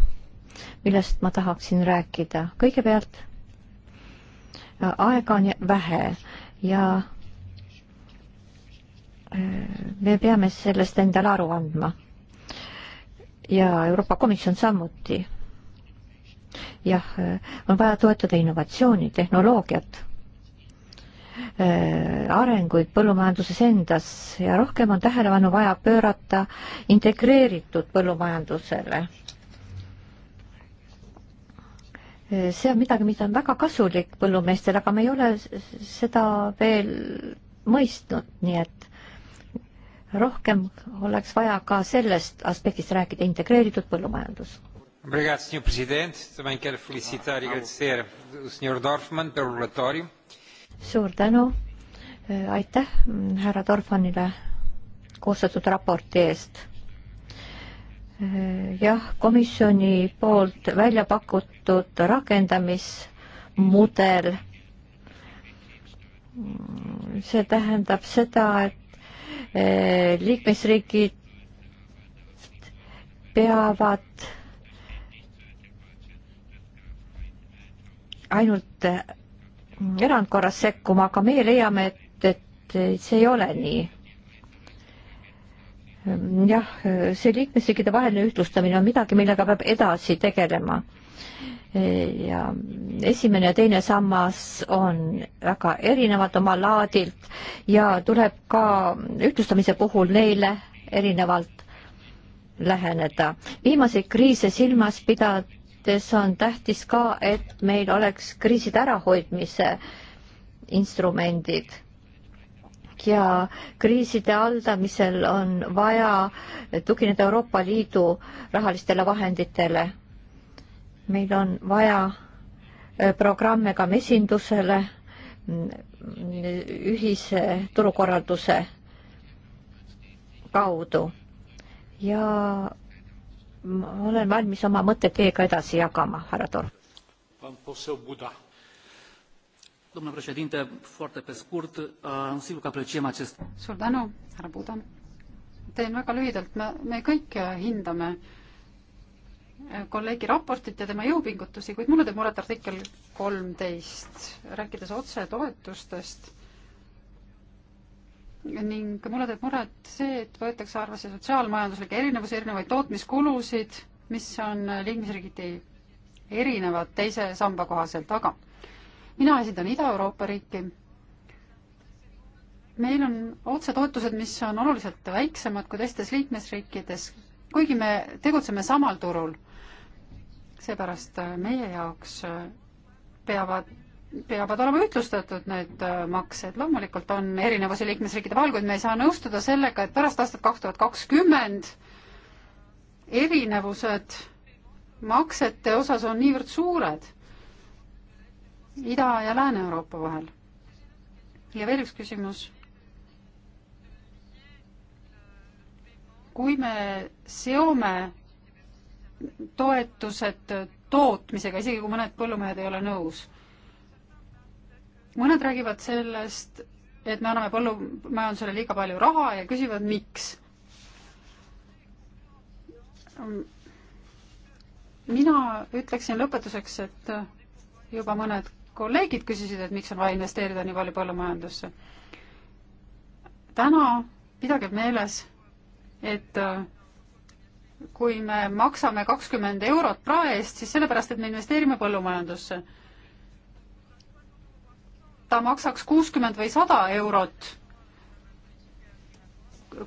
millest ma tahaksin rääkida. kõigepealt aega on vähe ja äh, me peame sellest endale aru andma. ja Euroopa Komisjon samuti. jah, äh, on vaja toetada innovatsiooni, tehnoloogiat Äh, arenguid põllumajanduses endas ja rohkem on tähelepanu vaja pöörata integreeritud põllumajandusele. Äh, see on midagi, mis on väga kasulik põllumeestele, aga me ei ole seda veel mõistnud, nii et rohkem oleks vaja ka sellest aspektist rääkida, integreeritud põllumajandus. Obrigado, senhor presidente. Também quero felicitar e agradecer o senhor Dorfman pelo relatório suur tänu, äh, aitäh mm, härra Dorfanile koostatud raporti eest. Äh, jah, komisjoni poolt välja pakutud rakendamismudel, mm, see tähendab seda, et äh, liikmesriigid peavad ainult erandkorras sekkuma, aga meie leiame, et, et see ei ole nii. jah, see liikmesriikide vaheline ühtlustamine on midagi, millega peab edasi tegelema. ja esimene ja teine sammas on väga erinevad oma laadilt ja tuleb ka ühtlustamise puhul neile erinevalt läheneda. viimaseid kriise silmas pidada arvates on tähtis ka, et meil oleks kriiside ärahoidmise instrumendid ja kriiside haldamisel on vaja tugineda Euroopa Liidu rahalistele vahenditele. meil on vaja äh, programme ka mesindusele, mm, ühise turukorralduse kaudu ja ma olen valmis oma mõtted teiega edasi jagama, härra Tor. Domnule președinte, foarte pe scurt, sigur că apreciem acest... Suur tänu, härra Buda. Teen väga lühidalt. Me, me kõik hindame kolleegi raportit ja tema jõupingutusi, kuid mulle teeb muret artikkel kolmteist, rääkides otse toetustest ning mulle teeb muret see, et võetakse arvesse sotsiaalmajanduslikke erinevusi, erinevaid tootmiskulusid, mis on liikmesriigiti erinevad teise samba kohaselt, aga mina esindan Ida-Euroopa riiki. meil on otsetoetused, mis on oluliselt väiksemad kui teistes liikmesriikides, kuigi me tegutseme samal turul. seepärast meie jaoks peavad peavad olema ühtlustatud need äh, maksed, loomulikult on erinevusi liikmesriikide vahel, kuid me ei saa nõustuda sellega, et pärast aastat kaks tuhat kakskümmend erinevused maksete osas on niivõrd suured Ida- ja Lääne-Euroopa vahel. ja veel üks küsimus. kui me seome toetused tootmisega, isegi kui mõned põllumehed ei ole nõus mõned räägivad sellest, et me anname põllumajandusele liiga palju raha ja küsivad, miks. mina ütleksin lõpetuseks, et juba mõned kolleegid küsisid, et miks on vaja investeerida nii palju põllumajandusse. täna pidage meeles, et kui me maksame kakskümmend eurot prae eest, siis sellepärast, et me investeerime põllumajandusse ta maksaks kuuskümmend või sada eurot,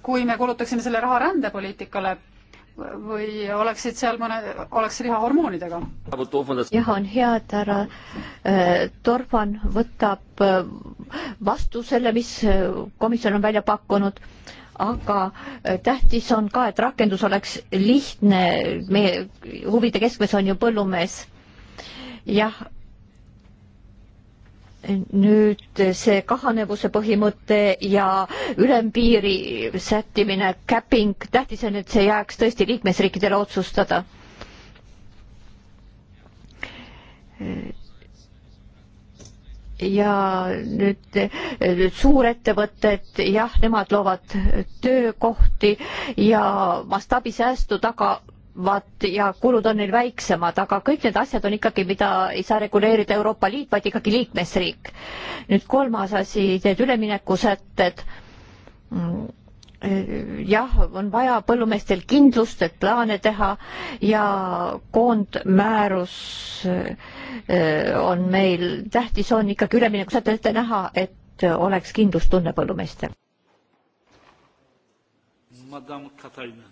kui me kulutaksime selle raha rändepoliitikale või oleksid seal mõne, oleks liha hormoonidega? jah, on hea, et härra äh, Torfan võtab äh, vastu selle, mis äh, komisjon on välja pakkunud, aga äh, tähtis on ka, et rakendus oleks lihtne, meie huvide keskmes on ju põllumees. jah, nüüd see kahanevuse põhimõte ja ülempiiri sättimine, capping, tähtis on, et see jääks tõesti liikmesriikidele otsustada. ja nüüd, nüüd suurettevõtted, jah, nemad loovad töökohti ja mastaabisäästu taga väiksemad ja kulud on neil väiksemad, aga kõik need asjad on ikkagi, mida ei saa reguleerida Euroopa Liit, vaid ikkagi liikmesriik. nüüd kolmas asi, need üleminekusätted. Mm, jah, on vaja põllumeestel kindlust, et plaane teha ja koondmäärus eh, on meil, tähtis on ikkagi üleminekusätted ette näha, et oleks kindlustunne põllumeestel. Madame Katalin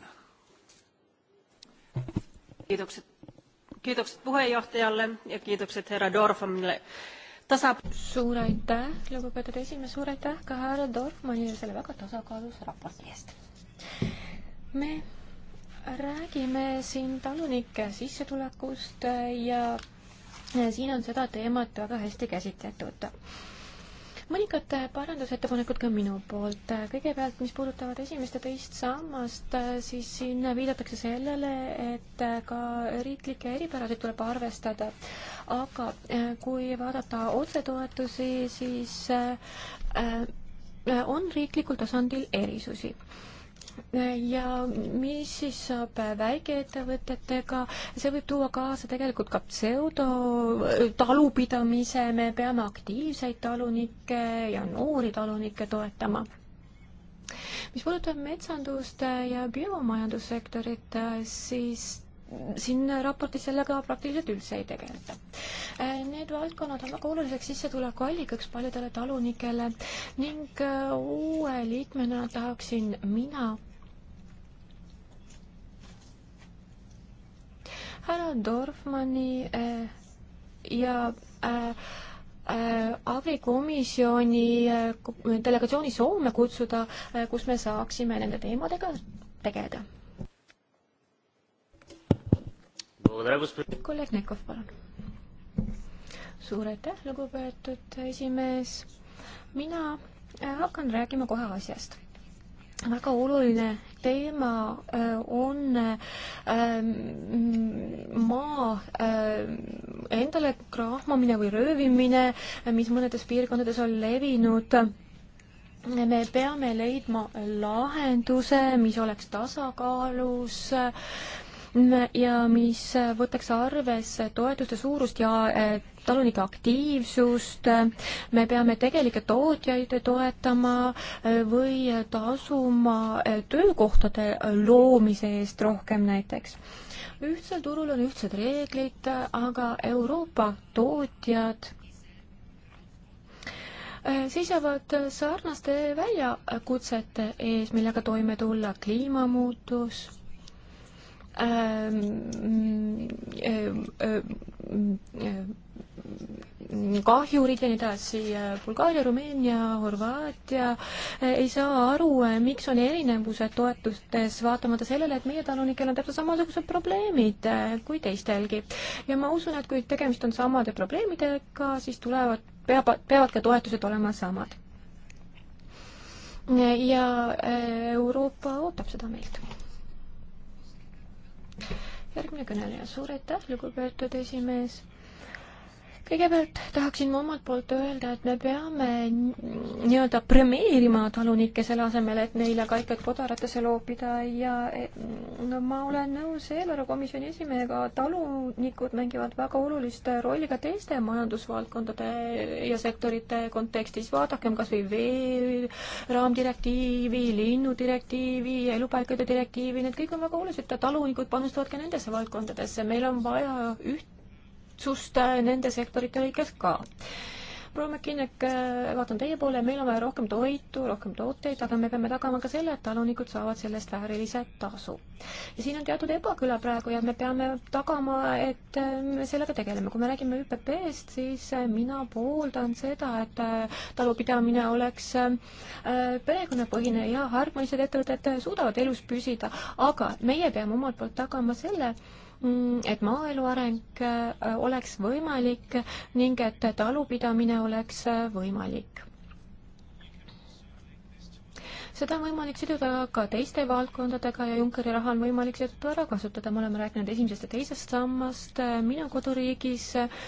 Kiitokset, kiitokset puheenjohtajalle ja kiitokset herra Dorfamille tasa-. suur aitäh, lugupeetud esimees, suur aitäh ka härra Dorfmanile selle väga tasakaalus raporti eest. me räägime siin talunike sissetulekust ja siin on seda teemat väga hästi käsitletud mõningad äh, parandusettepanekud ka minu poolt. Äh, kõigepealt, mis puudutavad esimest ja teist sammast, äh, siis siin viidatakse sellele, et ka riiklikke eripärasid tuleb arvestada. aga kui vaadata otsetoetusi, siis on riiklikul tasandil erisusi ja mis siis saab väikeettevõtetega, see võib tuua kaasa tegelikult ka pseudotalupidamise, äh, me peame aktiivseid talunikke ja noori talunikke toetama. mis puudutab metsandust ja biomajandussektorit, siis siin raportis sellega praktiliselt üldse ei tegeleta. Äh, need valdkonnad on väga oluliseks sissetulekuallikaks paljudele talunikele ning äh, uue liikmena tahaksin mina härra Dorfmanni äh, ja agrikomisjoni delegatsiooni Soome kutsuda, kus me saaksime nende teemadega tegeleda kolleeg Nekov, palun. suur aitäh, lugupeetud esimees. mina äh, hakkan rääkima kohe asjast väga oluline teema äh, on äh, mm, maa endale krahmamine või röövimine, mis mõnedes piirkondades on levinud. me peame leidma lahenduse, mis oleks tasakaalus ja mis võtaks arvesse toetuste suurust ja eh, talunike aktiivsust, me peame tegelikke tootjaid toetama eh, või tasuma eh, töökohtade loomise eest rohkem näiteks. ühtsel turul on ühtsed reeglid, aga Euroopa tootjad seisavad sarnaste väljakutsete ees, millega toime tulla kliimamuutus Ehm, mm, ehm, ehm, kahjurid ja nii edasi, Bulgaaria, Rumeenia, Horvaatia e, ei saa aru, e, miks on erinevused toetustes, vaatamata sellele, et meie talunikel on täpselt samasugused probleemid e, kui teistelgi. ja ma usun, et kui tegemist on samade probleemidega, siis tulevad, peab, peavad ka toetused olema samad. ja Euroopa ootab seda meilt järgmine kõneleja, suur aitäh, lugupeetud esimees kõigepealt tahaksin ma omalt poolt öelda, et me peame nii-öelda premeerima talunikke selle asemel, et neile kaikaid kodaratesse loopida ja e-, no ma olen nõus eelarvekomisjoni esimehega, talunikud mängivad väga olulist rolli ka teiste majandusvaldkondade ja sektorite kontekstis, vaadakem kas või veeraamdirektiivi, linnudirektiivi, elupaikade direktiivi, need kõik on väga olulised, talunikud panustavad ka nendesse valdkondadesse, meil on vaja üht võrdsust äh, nende sektorite lõikes ka proua Mäkinek, äh, vaatan teie poole, meil on vaja rohkem toitu, rohkem tooteid, aga me peame tagama ka selle, et talunikud saavad selle eest väärilise tasu. ja siin on teatud ebaküla praegu ja me peame tagama, et me äh, sellega tegeleme. kui me räägime ÜPP-st, siis mina pooldan seda, et talupidamine oleks perekonnapõhine ja harmonised ettevõtted suudavad elus püsida, aga meie peame omalt poolt tagama selle, Mm, et maaelu areng äh, oleks võimalik ning et talupidamine oleks äh, võimalik seda on võimalik siduda ka teiste valdkondadega ja Junckeri raha on võimalik seetõttu ära kasutada, me oleme rääkinud esimesest ja teisest sammast äh, minu koduriigis äh,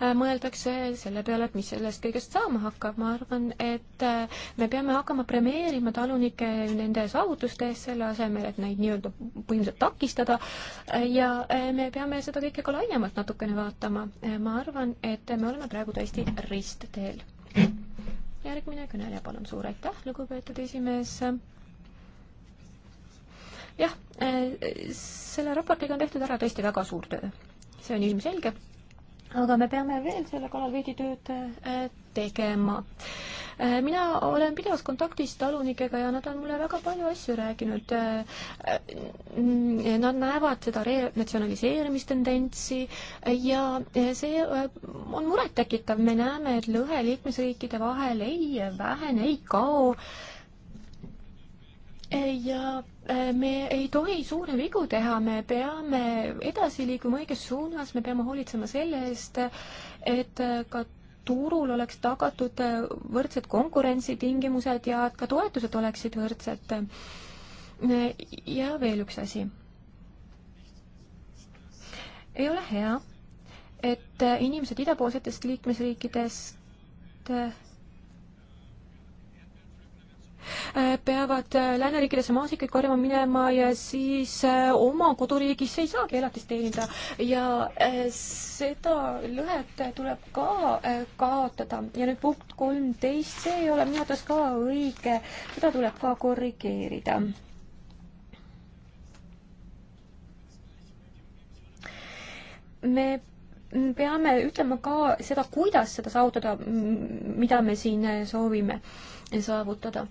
Äh, mõeldakse selle peale, et mis sellest kõigest saama hakkab. ma arvan, et äh, me peame hakkama premeerima talunikke nende saavutuste eest, selle asemel, et neid nii-öelda põhimõtteliselt takistada äh, ja me peame seda kõike ka laiemalt natukene vaatama. ma arvan, et me oleme praegu tõesti ristteel. järgmine kõneleja, palun, suur aitäh, lugupeetud esimees jah, selle raportiga on tehtud ära tõesti väga suur töö. see on ilmselge aga me peame veel selle kallal veidi tööd äh, tegema. Äh, mina olen pidevas kontaktis talunikega ja nad on mulle väga palju asju rääkinud. Äh, nad näevad seda renatsionaliseerimistendentsi ja see on murettekitav, me näeme, et lõhe liikmesriikide vahel ei vähene, ei kao. ja Äh, me ei tohi suuri vigu teha, me peame edasi liikuma õiges suunas, me peame hoolitsema selle eest, et äh, ka turul oleks tagatud äh, võrdsed konkurentsitingimused ja et ka toetused oleksid võrdsed. ja veel üks asi. ei ole hea, et inimesed idapoolsetest liikmesriikidest peavad äh, lääneriikidesse maasikaid korjama minema ja siis äh, oma koduriigis ei saagi elatist teenida ja äh, seda lõhet tuleb ka kaotada. ja nüüd punkt kolmteist, see ei ole minu arvates ka õige, seda tuleb ka korrigeerida me peame ütlema ka seda, kuidas seda saavutada, mida me siin soovime saavutada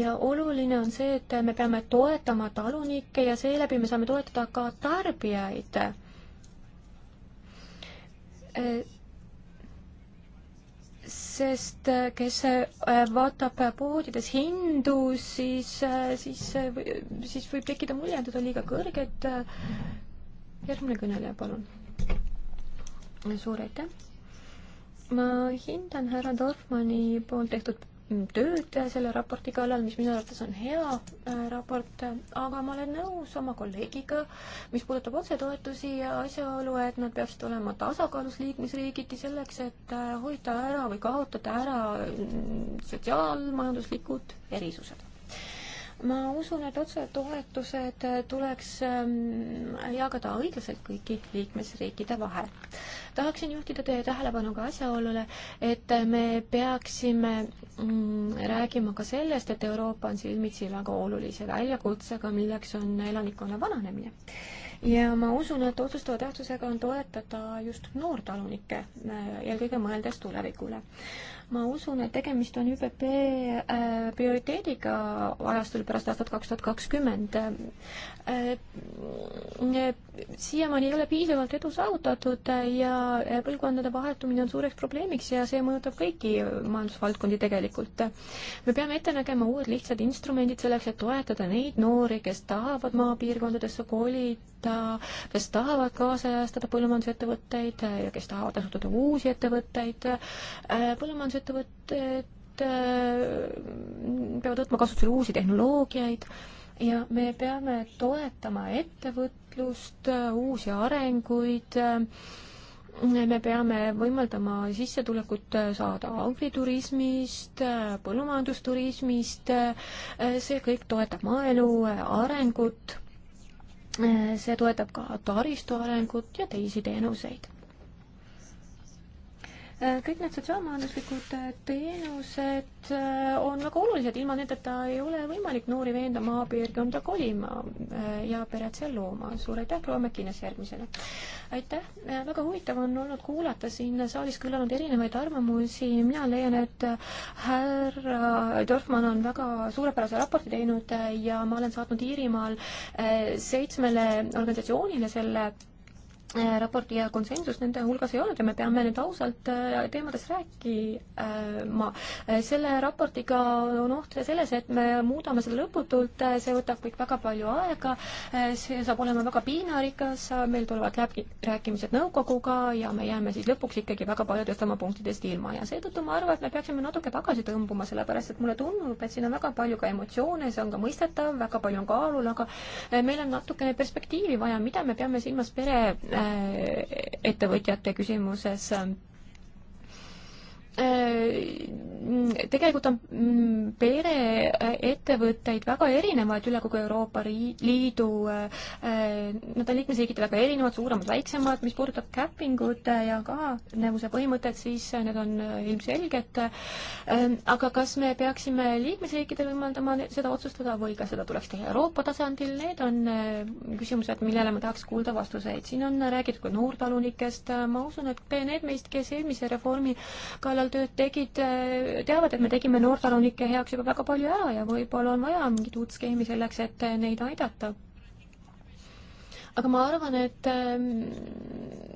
ja oluline on see, et me peame toetama talunikke ja seeläbi me saame toetada ka tarbijaid. sest kes äh, vaatab poodides hindu, siis, äh, siis, äh, siis võib tekkida mulje, et need on liiga kõrged. järgmine kõneleja, palun. suur aitäh ma hindan härra Dorfmanni poolt tehtud tööd selle raporti kallal, mis minu arvates on hea äh, raport, aga ma olen nõus oma kolleegiga, mis puudutab otsetoetusi ja asjaolu, et nad peaksid olema tasakaalus liikmesriigiti selleks, et äh, hoida ära või kaotada ära mm, sotsiaalmajanduslikud erisused ma usun, et otsetoetused tuleks ähm, jagada õiglaselt kõigi liikmesriikide vahel. tahaksin juhtida teie tähelepanu ka asjaolule, et me peaksime mm, räägima ka sellest, et Euroopa on silmitsi väga olulise väljakutsega, milleks on elanikkonna vananemine ja ma usun, et otsustava tähtsusega on toetada just noortalunikke, äh, eelkõige mõeldes tulevikule ma usun, et tegemist on ÜPP äh, prioriteediga ajastul pärast aastat kaks tuhat kakskümmend. Äh, äh, siiamaani ei ole piisavalt edu saavutatud ja põlvkondade vahetumine on suureks probleemiks ja see mõjutab kõiki majandusvaldkondi tegelikult. me peame ette nägema uued lihtsad instrumendid selleks, et toetada neid noori, kes tahavad maapiirkondadesse kolida, kes tahavad kaasajastada põllumajandusettevõtteid ja kes tahavad asutada uusi ettevõtteid. põllumajandus tööstusettevõtted äh, peavad võtma kasutusele uusi tehnoloogiaid ja me peame toetama ettevõtlust, äh, uusi arenguid, äh, me peame võimaldama sissetulekut saada agriturismist, põllumajandusturismist, see kõik toetab maaelu arengut, see toetab ka taristu arengut ja teisi teenuseid kõik need sotsiaalmajanduslikud äh, teenused äh, on väga olulised, ilma nendeta ei ole võimalik noori veenda maapiirkonda kolima äh, ja peret seal looma. suur aitäh, proua Mäkkines järgmisena! aitäh, väga huvitav on olnud kuulata siin saalis kõlanud erinevaid arvamusi, mina leian, et härra Dorfmann on väga suurepärase raporti teinud ja ma olen saatnud Iirimaal seitsmele organisatsioonile selle Äh, raporti ja konsensust nende hulgas ei olnud ja me peame nüüd ausalt äh, teemadest rääkima. Äh, selle raportiga on oht selles, et me muudame seda lõputult, see võtab kõik väga palju aega, see saab olema väga piinarikas, meil tulevad läbi rääkimised nõukoguga ja me jääme siis lõpuks ikkagi väga paljudest oma punktidest ilma ja seetõttu ma arvan, et me peaksime natuke tagasi tõmbuma, sellepärast et mulle tundub, et siin on väga palju ka emotsioone, see on ka mõistetav, väga palju on kaalul, aga meil on natukene perspektiivi vaja, mida me peame silmas pere Äh, ettevõtjate küsimuses Äh, tegelikult on mm, pereettevõtteid väga erinevaid üle kogu Euroopa Liidu, äh, äh, nad on liikmesriigiti väga erinevad, suuremad, väiksemad, mis puudutab capping ut ja kahanevuse põhimõtet, siis need on ilmselged, aga kas me peaksime liikmesriikidel võimaldama seda otsustada või kas seda tuleks teha Euroopa tasandil, need on küsimused, millele ma tahaks kuulda vastuseid. siin on räägitud ka noortalunikest, ma usun, et need meist, kes eelmise reformi kallal seal tööd tegid, teavad, et me tegime noortalunike heaks juba väga palju ära ja võib-olla on vaja mingit uut skeemi selleks, et neid aidata aga ma arvan, ähm,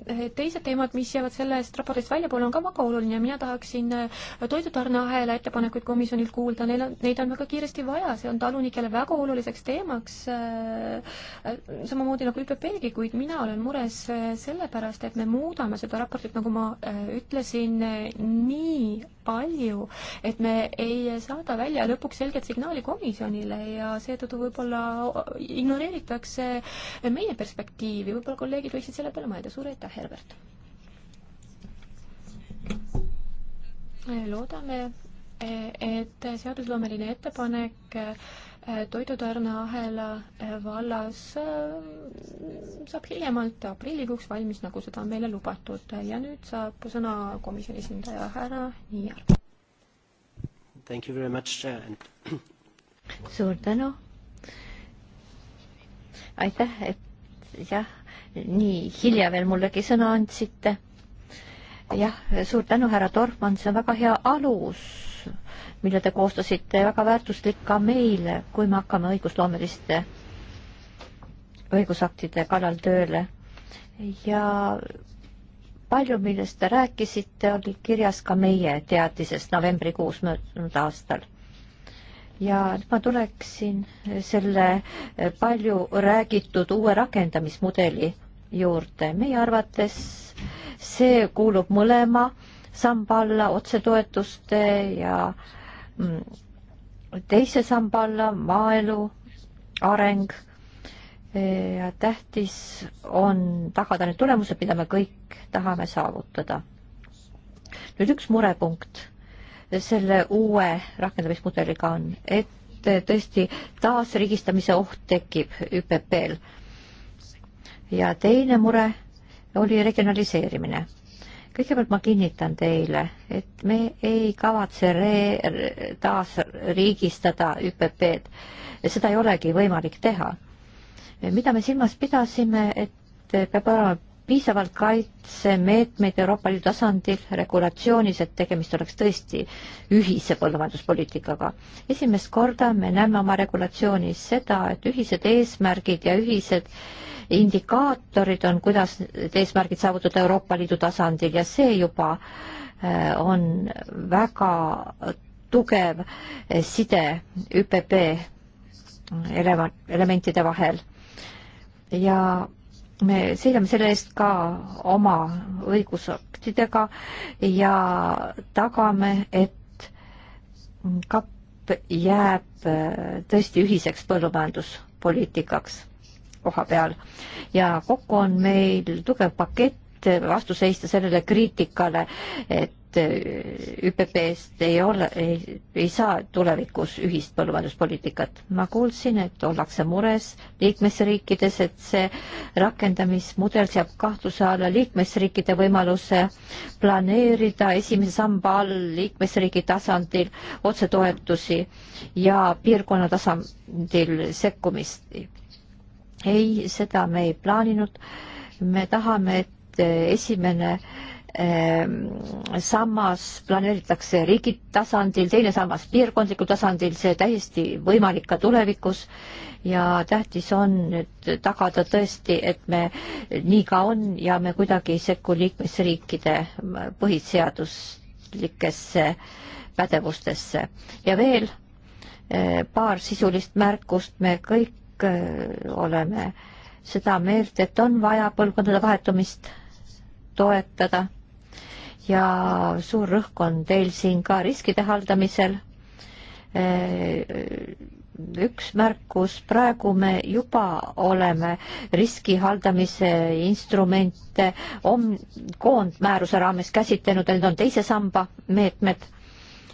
et teised teemad, mis jäävad sellest raportist väljapoole, on ka väga oluline. mina tahaksin äh, toidutarneahela ettepanekuid komisjonilt kuulda, neil on, neid on väga kiiresti vaja, see on talunikele väga oluliseks teemaks, äh, äh, samamoodi nagu ÜPP-gi, kuid mina olen mures sellepärast, et me muudame seda raportit, nagu ma ütlesin, nii palju, et me ei saada välja lõpuks selget signaali komisjonile ja seetõttu võib-olla ignoreeritakse meie perspektiivi, võib-olla kolleegid võiksid selle peale mõelda, suur aitäh, Herbert! loodame, et seadusloomeline ettepanek toidutarneahela vallas saab hiljemalt aprillikuuks valmis, nagu seda on meile lubatud ja nüüd saab sõna komisjoni esindaja härra Niiar. Thank you very much and <clears throat> suur tänu. aitäh, et jah, nii hilja veel mullegi sõna andsite. jah, suur tänu, härra Dorfmann, see on väga hea alus mille te koostasite, väga väärtuslik ka meile, kui me hakkame õigusloomeliste õigusaktide kallal tööle ja palju, millest te rääkisite, oli kirjas ka meie teadises novembrikuus möödunud aastal. ja nüüd ma tuleksin selle palju räägitud uue rakendamismudeli juurde. meie arvates see kuulub mõlema samba alla, otsetoetuste ja mm, teise samba alla, maaelu areng ja tähtis on tagada need tulemused, mida me kõik tahame saavutada. nüüd üks murepunkt selle uue rakendamismudeliga on, et tõesti taasrigistamise oht tekib ÜPP-l. ja teine mure oli regionaliseerimine. kõigepealt ma kinnitan teile, et me ei kavatse re-, taasriigistada ÜPP-d. seda ei olegi võimalik teha mida me silmas pidasime, et peab olema piisavalt kaitsemeetmeid Euroopa Liidu tasandil regulatsioonis, et tegemist oleks tõesti ühise põllumajanduspoliitikaga. esimest korda me näeme oma regulatsioonis seda, et ühised eesmärgid ja ühised indikaatorid on, kuidas need eesmärgid saavutada Euroopa Liidu tasandil ja see juba äh, on väga tugev side ÜPP elementide vahel ja me seisame selle eest ka oma õigusaktidega ja tagame, et kapp jääb äh, tõesti ühiseks põllumajanduspoliitikaks koha peal ja kokku on meil tugev pakett et vastu seista sellele kriitikale, et äh, ÜPP-st ei ole, ei saa tulevikus ühist põllumajanduspoliitikat. ma kuulsin, et ollakse mures liikmesriikides, et see rakendamismudel seab kahtluse alla liikmesriikide võimaluse planeerida esimese samba all liikmesriigi tasandil otsetoetusi ja piirkonna tasandil sekkumist. ei, seda me ei plaaninud. me tahame, et et äh, esimene ähm, sammas planeeritakse riigi tasandil, teine sammas piirkondlikul tasandil, see täiesti võimalik ka tulevikus ja tähtis on nüüd tagada tõesti, et me nii ka on ja me kuidagi ei sekku liikmesriikide põhiseaduslikesse pädevustesse. ja veel äh, paar sisulist märkust, me kõik äh, oleme seda meelt, et on vaja põlvkondade vahetumist toetada ja suur rõhk on teil siin ka riskide haldamisel. Äh, üks märkus, praegu me juba oleme riski haldamise instrumente om-, koondmääruse raames käsitlenud, need on teise samba meetmed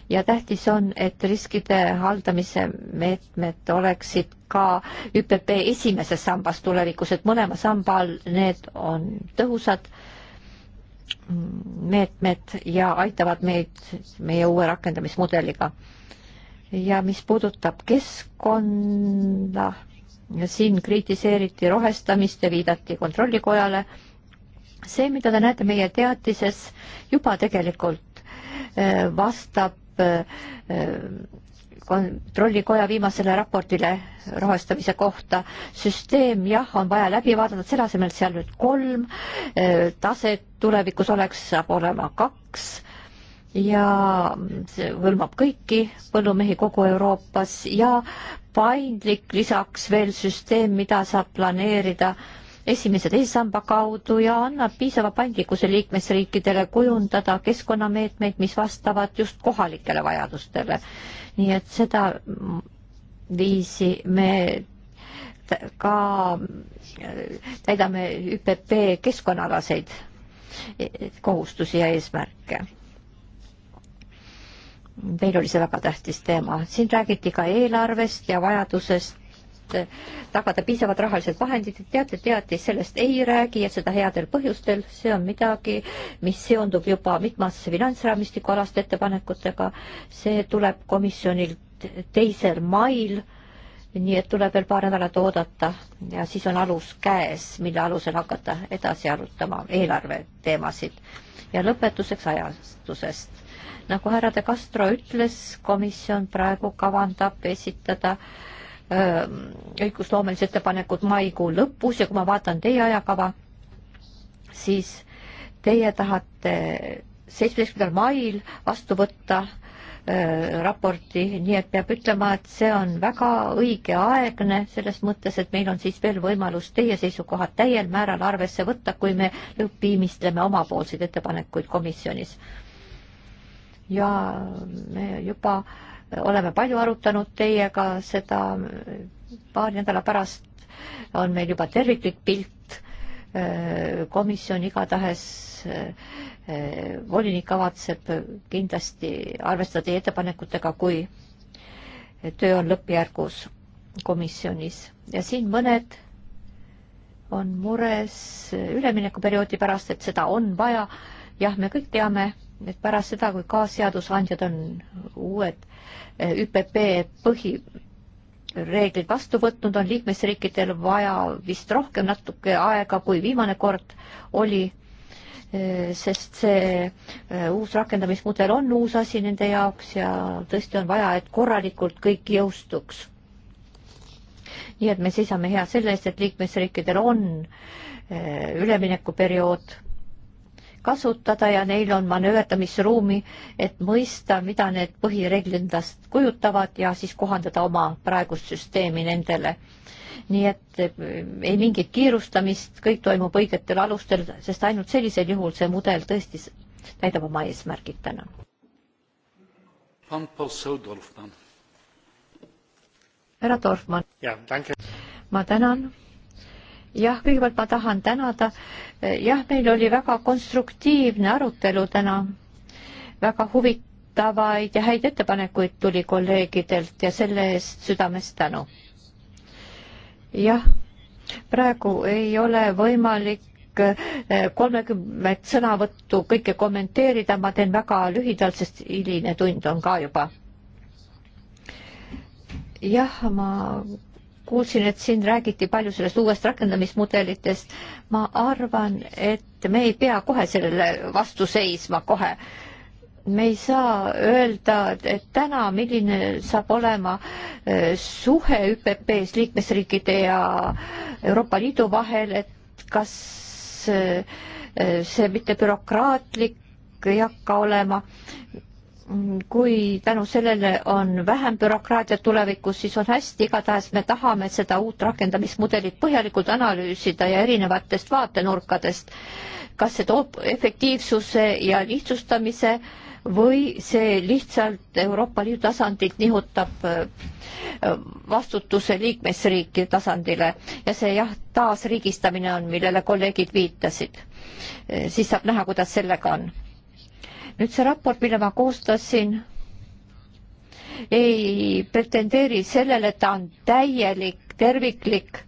ja tähtis on, et riskide haldamise meetmed oleksid ka ÜPP esimeses sambas tulevikus, et mõlema samba all need on tõhusad meetmed ja aitavad meid meie uue rakendamismudeliga. ja mis puudutab keskkonda, siin kritiseeriti rohestamist ja viidati Kontrollikojale. see, mida te näete meie teatises, juba tegelikult eh, vastab eh, kontrollikoja viimasele raportile rahastamise kohta. süsteem jah, on vaja läbi vaadata, selle asemel seal nüüd kolm äh, taset tulevikus oleks, saab olema kaks ja see hõlmab kõiki põllumehi kogu Euroopas ja paindlik lisaks veel süsteem, mida saab planeerida äh, esimese teise samba kaudu ja annab piisava paindlikkuse liikmesriikidele kujundada keskkonnameetmeid, mis vastavad just kohalikele vajadustele. nii et seda viisi me ka äh, täidame ÜPP keskkonnaalaseid e, kohustusi ja eesmärke. Teil oli see väga tähtis teema. siin räägiti ka eelarvest ja vajadusest et tagada piisavad rahalised vahendid, et teate, teatis sellest ei räägi ja seda headel põhjustel, see on midagi, mis seondub juba mitmasse finantsraamistiku alaste ettepanekutega, see tuleb komisjonilt teisel mail, nii et tuleb veel paar nädalat oodata ja siis on alus käes, mille alusel hakata edasi arutama eelarve teemasid. ja lõpetuseks ajastusest nagu härra De Castro ütles, komisjon praegu kavandab esitada äh, Äh, õigusloomelised ettepanekud maikuu lõpus ja kui ma vaatan teie ajakava, siis teie tahate seitsmeteistkümnendal mail vastu võtta äh, raporti, nii et peab ütlema, et see on väga õigeaegne selles mõttes, et meil on siis veel võimalus teie seisukohad täiel määral arvesse võtta, kui me lõppviimistleme omapoolseid ettepanekuid komisjonis. ja me juba äh, oleme palju arutanud teiega seda, paari nädala pärast on meil juba terviklik pilt, äh, komisjon igatahes äh, volinik kavatseb kindlasti arvestada teie ettepanekutega, kui töö on lõppjärgus komisjonis ja siin mõned on mures üleminekuperioodi pärast, et seda on vaja. jah, me kõik teame, et pärast seda, kui kaasseadusandjad on uued eh, ÜPP põhireeglid vastu võtnud, on liikmesriikidel vaja vist rohkem natuke aega, kui viimane kord oli, eh, sest see eh, uus rakendamismudel on uus asi nende jaoks ja tõesti on vaja, et korralikult kõik jõustuks. nii et me seisame hea selle eest, et liikmesriikidel on üleminekuperiood kasutada ja neil on manööverdamisruumi, et mõista, mida need põhireeglid endast kujutavad ja siis kohandada oma praegust süsteemi nendele. nii et eh, ei mingit kiirustamist, kõik toimub õigetel alustel, sest ainult sellisel juhul see mudel tõesti täidab oma eesmärgid täna. härra Dorfmann. ma tänan jah, kõigepealt ma tahan tänada. jah, meil oli väga konstruktiivne arutelu täna, väga huvitavaid ja häid ettepanekuid tuli kolleegidelt ja selle eest südamest tänu. jah, praegu ei ole võimalik eh, kolmekümmet sõnavõttu kõike kommenteerida, ma teen väga lühidalt, sest hiline tund on ka juba. jah, ma kuulsin, et siin räägiti palju sellest uuest rakendamismudelitest. ma arvan, et me ei pea kohe sellele vastu seisma kohe. me ei saa öelda, et täna, milline saab olema eh, suhe ÜPP-s liikmesriikide ja Euroopa Liidu vahel, et kas eh, eh, see mitte bürokraatlik ei hakka olema kui tänu sellele on vähem bürokraatiat tulevikus, siis on hästi, igatahes me tahame seda uut rakendamismudelit põhjalikult analüüsida ja erinevatest vaatenurkadest, kas see toob efektiivsuse ja lihtsustamise või see lihtsalt Euroopa Liidu tasandilt nihutab äh, vastutuse liikmesriiki tasandile ja see jah, taasriigistamine on, millele kolleegid viitasid. Äh, siis saab näha, kuidas sellega on nüüd see raport, mille ma koostasin, ei pretendeeri sellele, et ta on täielik, terviklik.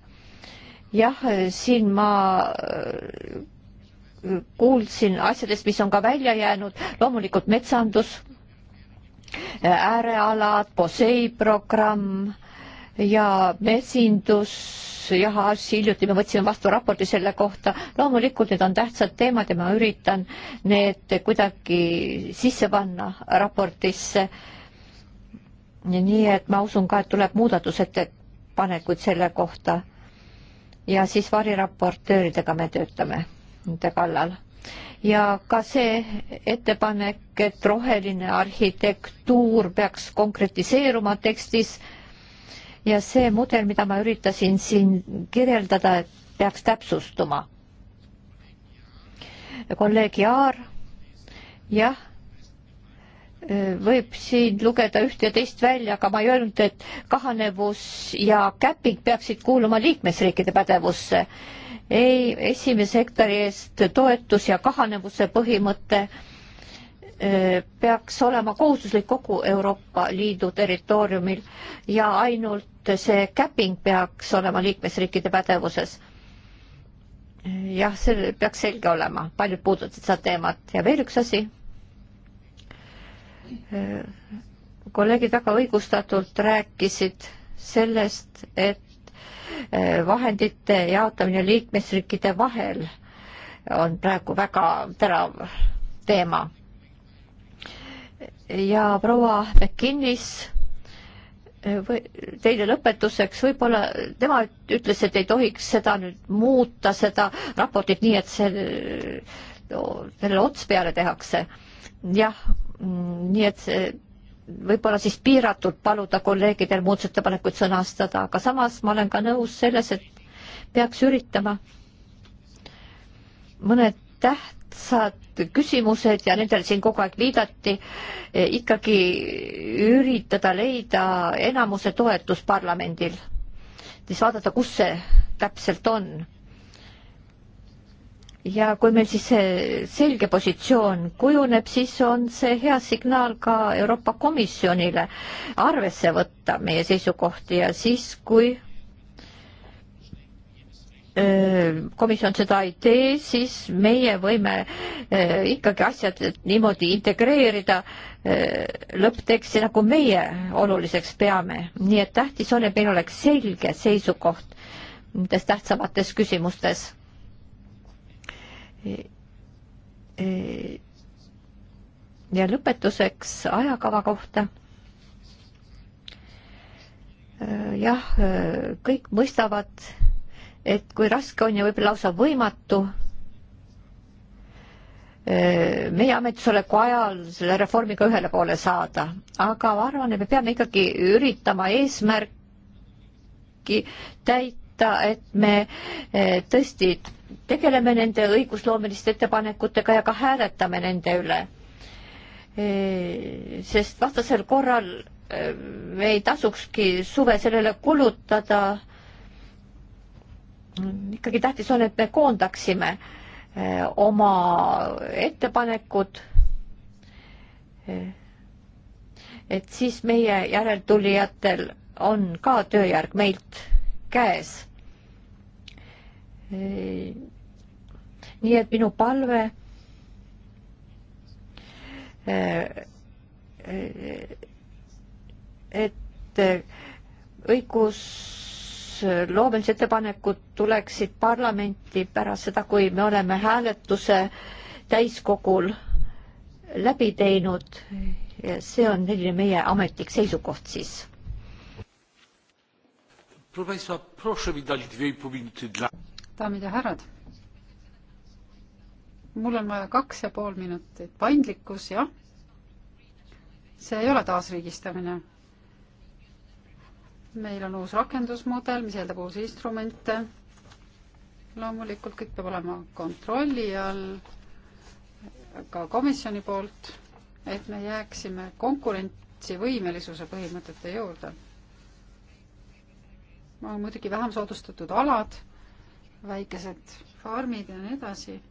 jah, siin ma äh, kuulsin asjadest, mis on ka välja jäänud, loomulikult metsandus, äärealad, POSEI programm ja mesindus jah, hiljuti me võtsime vastu raporti selle kohta, loomulikult need on tähtsad teemad ja ma üritan need kuidagi sisse panna raportisse. nii et ma usun ka, et tuleb muudatusettepanekuid selle kohta. ja siis variraportööridega me töötame nende kallal ja ka see ettepanek, et roheline arhitektuur peaks konkretiseeruma tekstis ja see mudel, mida ma üritasin siin kirjeldada, peaks täpsustuma. kolleeg Jaar, jah, võib siin lugeda üht ja teist välja, aga ma ei öelnud, et kahanevus ja käping peaksid kuuluma liikmesriikide pädevusse. ei, esimese hektari eest toetus ja kahanevuse põhimõte e, peaks olema kohustuslik kogu Euroopa Liidu territooriumil ja ainult et see capping peaks olema liikmesriikide pädevuses. jah, see peaks selge olema, paljud puudutasid seda teemat ja veel üks asi. kolleegid väga õigustatult rääkisid sellest, et vahendite jaotamine liikmesriikide vahel on praegu väga terav teema. ja proua McKinnis Äh, või teile lõpetuseks, võib-olla tema ütles, et ei tohiks seda nüüd muuta, seda raportit nii, et see no,, sellele ots peale tehakse. jah, mm, nii et see võib-olla siis piiratult paluda kolleegidel muudatusettepanekuid sõnastada, aga samas ma olen ka nõus selles, et peaks üritama mõned täht-, tähtsad küsimused ja nendele siin kogu aeg viidati, e, ikkagi üritada leida enamuse toetus parlamendil, siis vaadata, kus see täpselt on ja kui meil siis see selge positsioon kujuneb, siis on see hea signaal ka Euroopa Komisjonile arvesse võtta meie seisukohti ja siis, kui komisjon seda ei tee, siis meie võime ikkagi asjad niimoodi integreerida lõppteksti, nagu meie oluliseks peame. nii et tähtis on, et meil oleks selge seisukoht nendes tähtsamates küsimustes. ja lõpetuseks ajakava kohta jah, kõik mõistavad, et kui raske on ja võib-olla lausa võimatu eh, meie ametisoleku ajal selle reformiga ühele poole saada, aga ma arvan, et me peame ikkagi üritama eesmärki täita, et me eh, tõesti tegeleme nende õigusloomeliste ettepanekutega ja ka hääletame nende üle. Eh, sest vastasel korral me ei tasukski suve sellele kulutada ikkagi tähtis on, et me koondaksime eh, oma ettepanekud. Eh, et siis meie järeltulijatel on ka tööjärg meilt käes. Eh, nii et minu palve et õigus õigusloomisettepanekud tuleksid parlamenti pärast seda, kui me oleme hääletuse täiskogul läbi teinud. see on selline meie ametlik seisukoht siis. daamid ja härrad, mul on vaja kaks ja pool minutit, paindlikkus, jah. see ei ole taasriigistamine meil on uus rakendusmudel, mis eeldab uusi instrumente. loomulikult kõik peab olema kontrolli all ka komisjoni poolt, et me jääksime konkurentsivõimelisuse põhimõtete juurde. on muidugi vähem soodustatud alad, väikesed farmid ja nii edasi.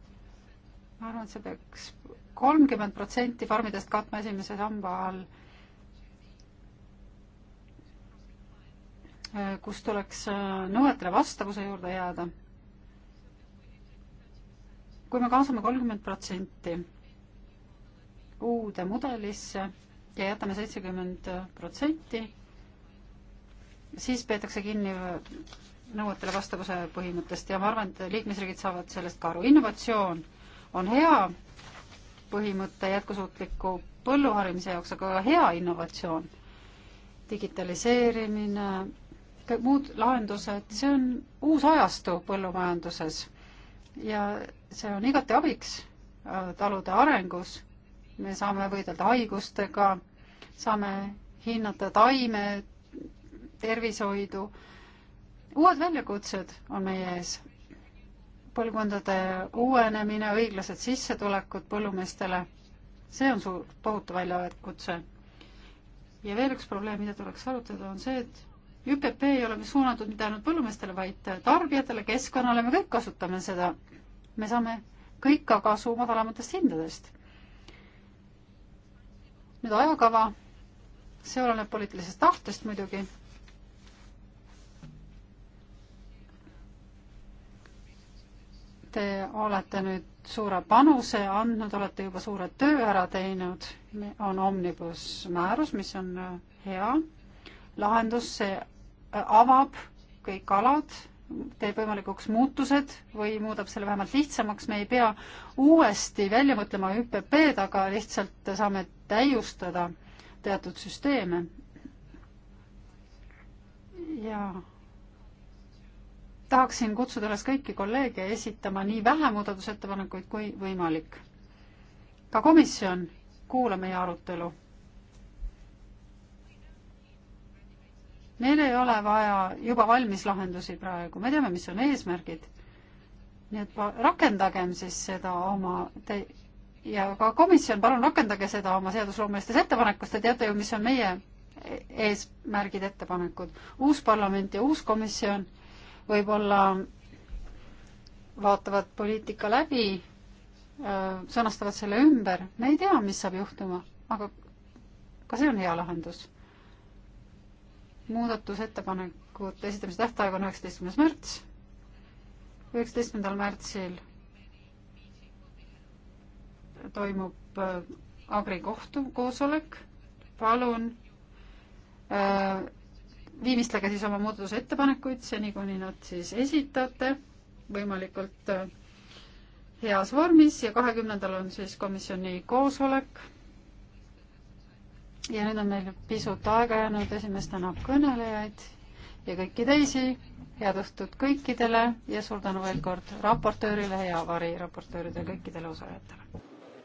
ma arvan, et see peaks kolmkümmend protsenti farmidest katma esimese samba all Äh, kus tuleks äh, nõuetele vastavuse juurde jääda. kui me kaasame kolmkümmend protsenti uude mudelisse ja jätame seitsekümmend protsenti, siis peetakse kinni äh, nõuetele vastavuse põhimõttest ja ma arvan, et liikmesriigid saavad sellest ka aru. innovatsioon on hea põhimõte jätkusuutliku põlluharimise jaoks, aga hea innovatsioon digitaliseerimine, kõik muud lahendused, see on uus ajastu põllumajanduses ja see on igati abiks äh, talude arengus. me saame võidelda haigustega, saame hinnata taime tervishoidu. uued väljakutsed on meie ees. põlvkondade uuenemine, õiglased sissetulekud põllumeestele, see on suur, tohutu väljakutse. ja veel üks probleem, mida tuleks arutada, on see, et ÜPP ei ole suunatud mitte ainult põllumeestele, vaid tarbijatele, keskkonnale, me kõik kasutame seda. me saame kõik ka kasu madalamatest hindadest. nüüd ajakava, see oleneb poliitilisest tahtest muidugi. Te olete nüüd suure panuse andnud, olete juba suure töö ära teinud, on omnibus määrus, mis on äh, hea lahendus, see äh, avab kõik alad, teeb võimalikuks muutused või muudab selle vähemalt lihtsamaks, me ei pea uuesti välja mõtlema ÜPP-d, aga lihtsalt saame täiustada teatud süsteeme. ja tahaksin kutsuda üles kõiki kolleege esitama nii vähe muudatusettepanekuid kui võimalik. ka komisjon, kuula meie arutelu Neil ei ole vaja juba valmis lahendusi praegu, me teame, mis on eesmärgid. nii et rakendagem siis seda oma te ja ka komisjon, palun rakendage seda oma seadusloomelistes ettepanekutes, te teate ju, mis on meie e-, eesmärgid, ettepanekud. uus parlament ja uus komisjon võib-olla vaatavad poliitika läbi, sõnastavad selle ümber, me ei tea, mis saab juhtuma, aga ka see on hea lahendus muudatusettepanekute esitamise tähtaeg on üheksateistkümnes märts. üheksateistkümnendal märtsil toimub äh, Agri kohtu, koosolek. palun äh, viimistlege siis oma muudatusettepanekuid seni, kuni nad siis esitate võimalikult äh, heas vormis ja kahekümnendal on siis komisjoni koosolek ja nüüd on meil pisut aega jäänud, esimest tänab kõnelejaid ja kõiki teisi. head õhtut kõikidele ja suur tänu veel kord raportöörile ja variraportööridele, kõikidele osalejatele.